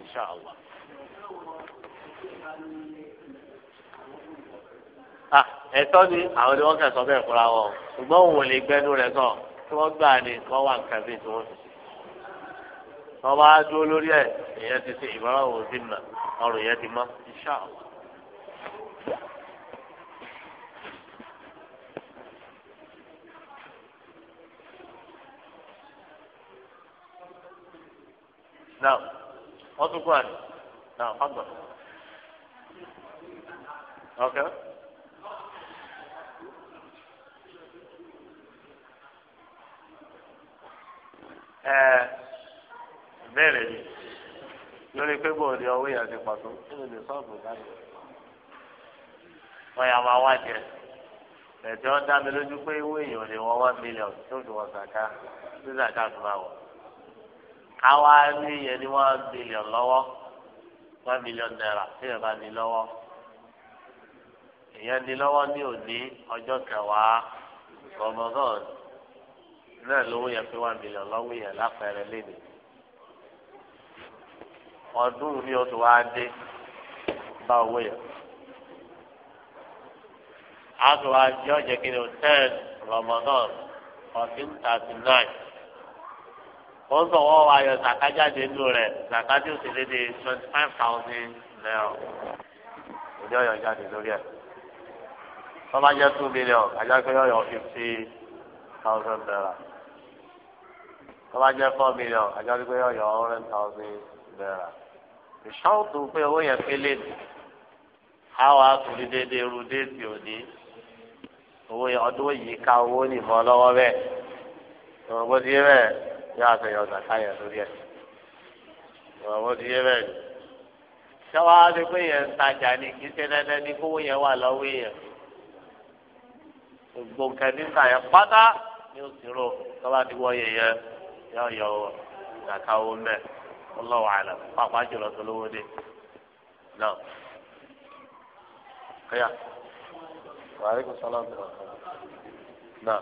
ẹ̀tọ́ ni àwọn ni wọ́n kẹ̀ sọ bẹ́ẹ̀ wọn ṣùgbọ́n òun ò lè gbẹ́nu rẹ̀ sọ tí wọ́n gbà ní wọ́n wà nǹkan bíi tí wọ́n fi tí wọ́n bá dúró lórí ẹ̀ èèyàn ti ṣe ìmọ̀ràn òun ti nà ọrùn yẹn ti mọ́ iṣẹ́ àwọn. náà tún kú àná náà fagbọ̀n. ok ẹ bẹ́ẹ̀rẹ̀ ni lórí pé bò ní ọwọ́ ìyàtọ̀ pàtó nínú ní sọ́ọ̀bù báyìí wọ́n yà máa wá jẹ ẹ̀tí wọ́n dá mi lójú pé owó èèyàn lè wọ́n one million tó fi wọ́n máa wọ̀ káwá ní ìyẹn naira tí bá ní èèyàn di lọ́wọ́ ní òní ọjọ́ kẹwàá Ramadan náà lówó yẹn pé one million lọ́wọ́ yẹn lápẹẹrẹ léde ọdún ní oṣù wa dé bá owó yẹn àtò wa jẹ́ ọ̀jẹ̀ kí ni o ten Ramadan fourteen thirty nine ó ń sọ̀wọ́ wa yọ sàkájáde nínú rẹ̀ sàkájáde ó twenty five thousand naira òjò yọ jáde lórí ẹ̀ tọ́ba jẹ́ two million ajá pé yọ̀yọ̀ fifty thousand naira tọ́ba jẹ́ four million ajá pé yọ̀yọ̀ hundred thousand naira ìṣàwùtò pé owó yẹn pélé ni àwọn akùnrin déédéé irú déètì òní owó ọdún yìí ká owó nìbọn lọ́wọ́ bẹ́ẹ̀ ìwọ̀n bó ti yé bẹ́ẹ̀ yóò àtẹ̀yọ̀ zàká yẹn lórí ẹ̀ ìwọ̀n bó ti yé bẹ́ẹ̀ ni. ṣé wàá rí pé yẹn ń tajà ni kì ṣe dandan ní kówó yẹn wà lọ́wọ́ yẹn gbogbo nǹkan níta yẹn pátá ni ó sì rò tọ́ba ti wọ́ yẹyẹ yọ yọ kàkà owó mẹ́ ọlọ́wọ́ àlẹ́ pàpà jùlọ tó lówó dé náà. kẹ́yà wàhálẹ́kùn sọ́lá ń bẹ̀rẹ̀ ọ̀sán náà.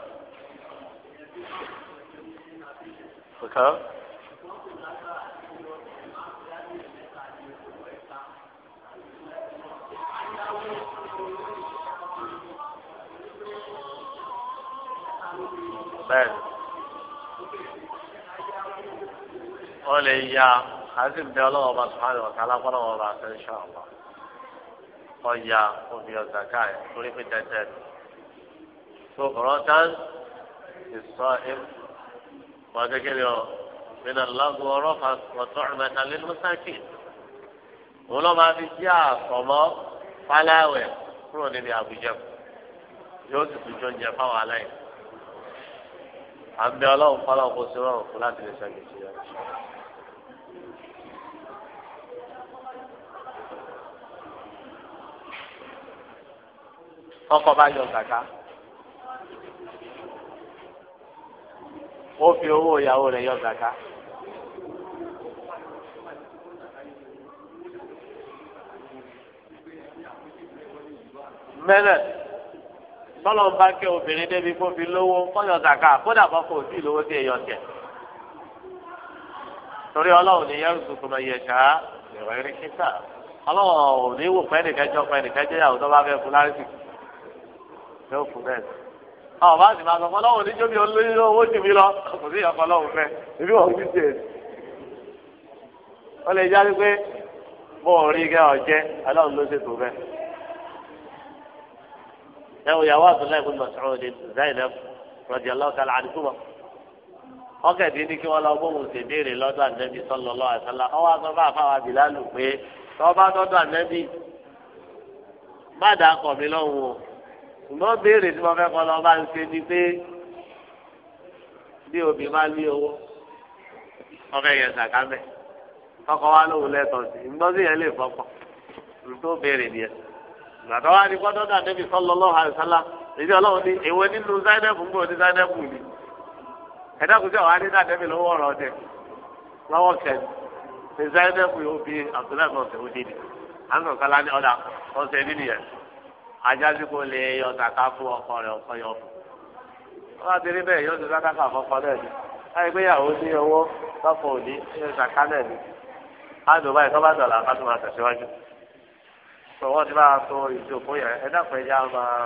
Okay bẹ́ẹ̀ wọ́n lè ya àti bẹ́ẹ̀ ọlọ́wọ́ bá sùn àlọ́ ọ̀tá alákọ̀ọ́ bá sẹ́ ṣọ́ àwọn ọ̀ya obì ọ̀gá káyọ̀ torí pé tẹ́tẹ́ tó bọ̀rọ̀ tán ìsọ ẹ̀ mọ̀tẹ́kẹ́lẹ́ ọ̀ nínú lọ́gùn ọ̀rọ̀ ọ̀tọ̀ ìmẹ̀ta lé mọ́sáàkì òun lọ́ máa fi jẹ́ àfọ̀mọ́ fáláwẹ̀ kúrò níbi àbújá yóò sì tún jọ ń jẹ fáwọn aláìní àbẹ ọlọ́run fọlọ́ kó sí rọrùn fún láti lè sẹ́yìn sí ẹ. kọ́kọ́ bá yọ kàkà ó fi owó ìyàwó rẹ̀ yọ kàkà. mẹ́lẹ̀. tọ́lọ̀ ń bá kẹ́ obìnrin débi kó fi lówó kọ́yọ̀ zàkà kódà bọ́ kò sí lówó sí ẹ̀yọ̀ tẹ̀. torí ọlọ́run ní yẹ́rù tuntun mọ̀ yẹ ṣá ìrọ̀ eré kíkà ọlọ́run ò ní wò pẹ́ẹ́nì kẹjọ pẹ́ẹ́nì kẹjọ bá fẹ́ fún yóò fún bẹ́ẹ̀ ọ̀ bá sì máa sọ níjó mi owó lọ kò sí ọlọ́run fẹ́ ibi wọn fi jẹ ó lè jáde pé ẹ̀wọ̀n ìyàwó abdullahi ibn mas'ud zainab radiyallahu ta'ala anhuma ọkẹ dín ní kí wọn lọ bóun ṣe béèrè lọ́dọ̀ ànẹbí sallallahu alaihi wasallam ọwọ àtọfà àfàwà bìlálù pé tọba tọdọ ànẹbí má dàá kọ mi lọ́hùn o ṣùgbọ́n béèrè tí mo fẹ́ kọ́ lọ bá ń ṣe ni pé bí obì máa ní owó wọn fẹ́ yẹ sàkámẹ́ ọkọ̀ wa lóhùn lẹ́tọ̀ọ̀sì ìgbọ́n yẹn lè fọ́pọ̀ nítorí gbàtọ́ wa ni kọ́tọ́ dà débi sallallahu alaihi wasallam èyí nínú zainabu ní zainabu ni ẹ̀dá kùsì ọ̀hún adé dà lọ́wọ́ ọ̀rọ̀ ọ̀dẹ lọ́wọ́ kẹ́ni ní zainabu yóò abdullahi ọ̀sẹ̀ ni àǹtọ̀ sálá ní ọ̀dà ọ̀sẹ̀ nínú yẹn ajásí lè yọ tàkà fún ọkọ rẹ̀ ọkọ yọ fún un rí bẹ́ẹ̀ yọ sọ̀wọ́ ti bá a tó ìjókòó yẹn ẹ dákun ẹ já máa.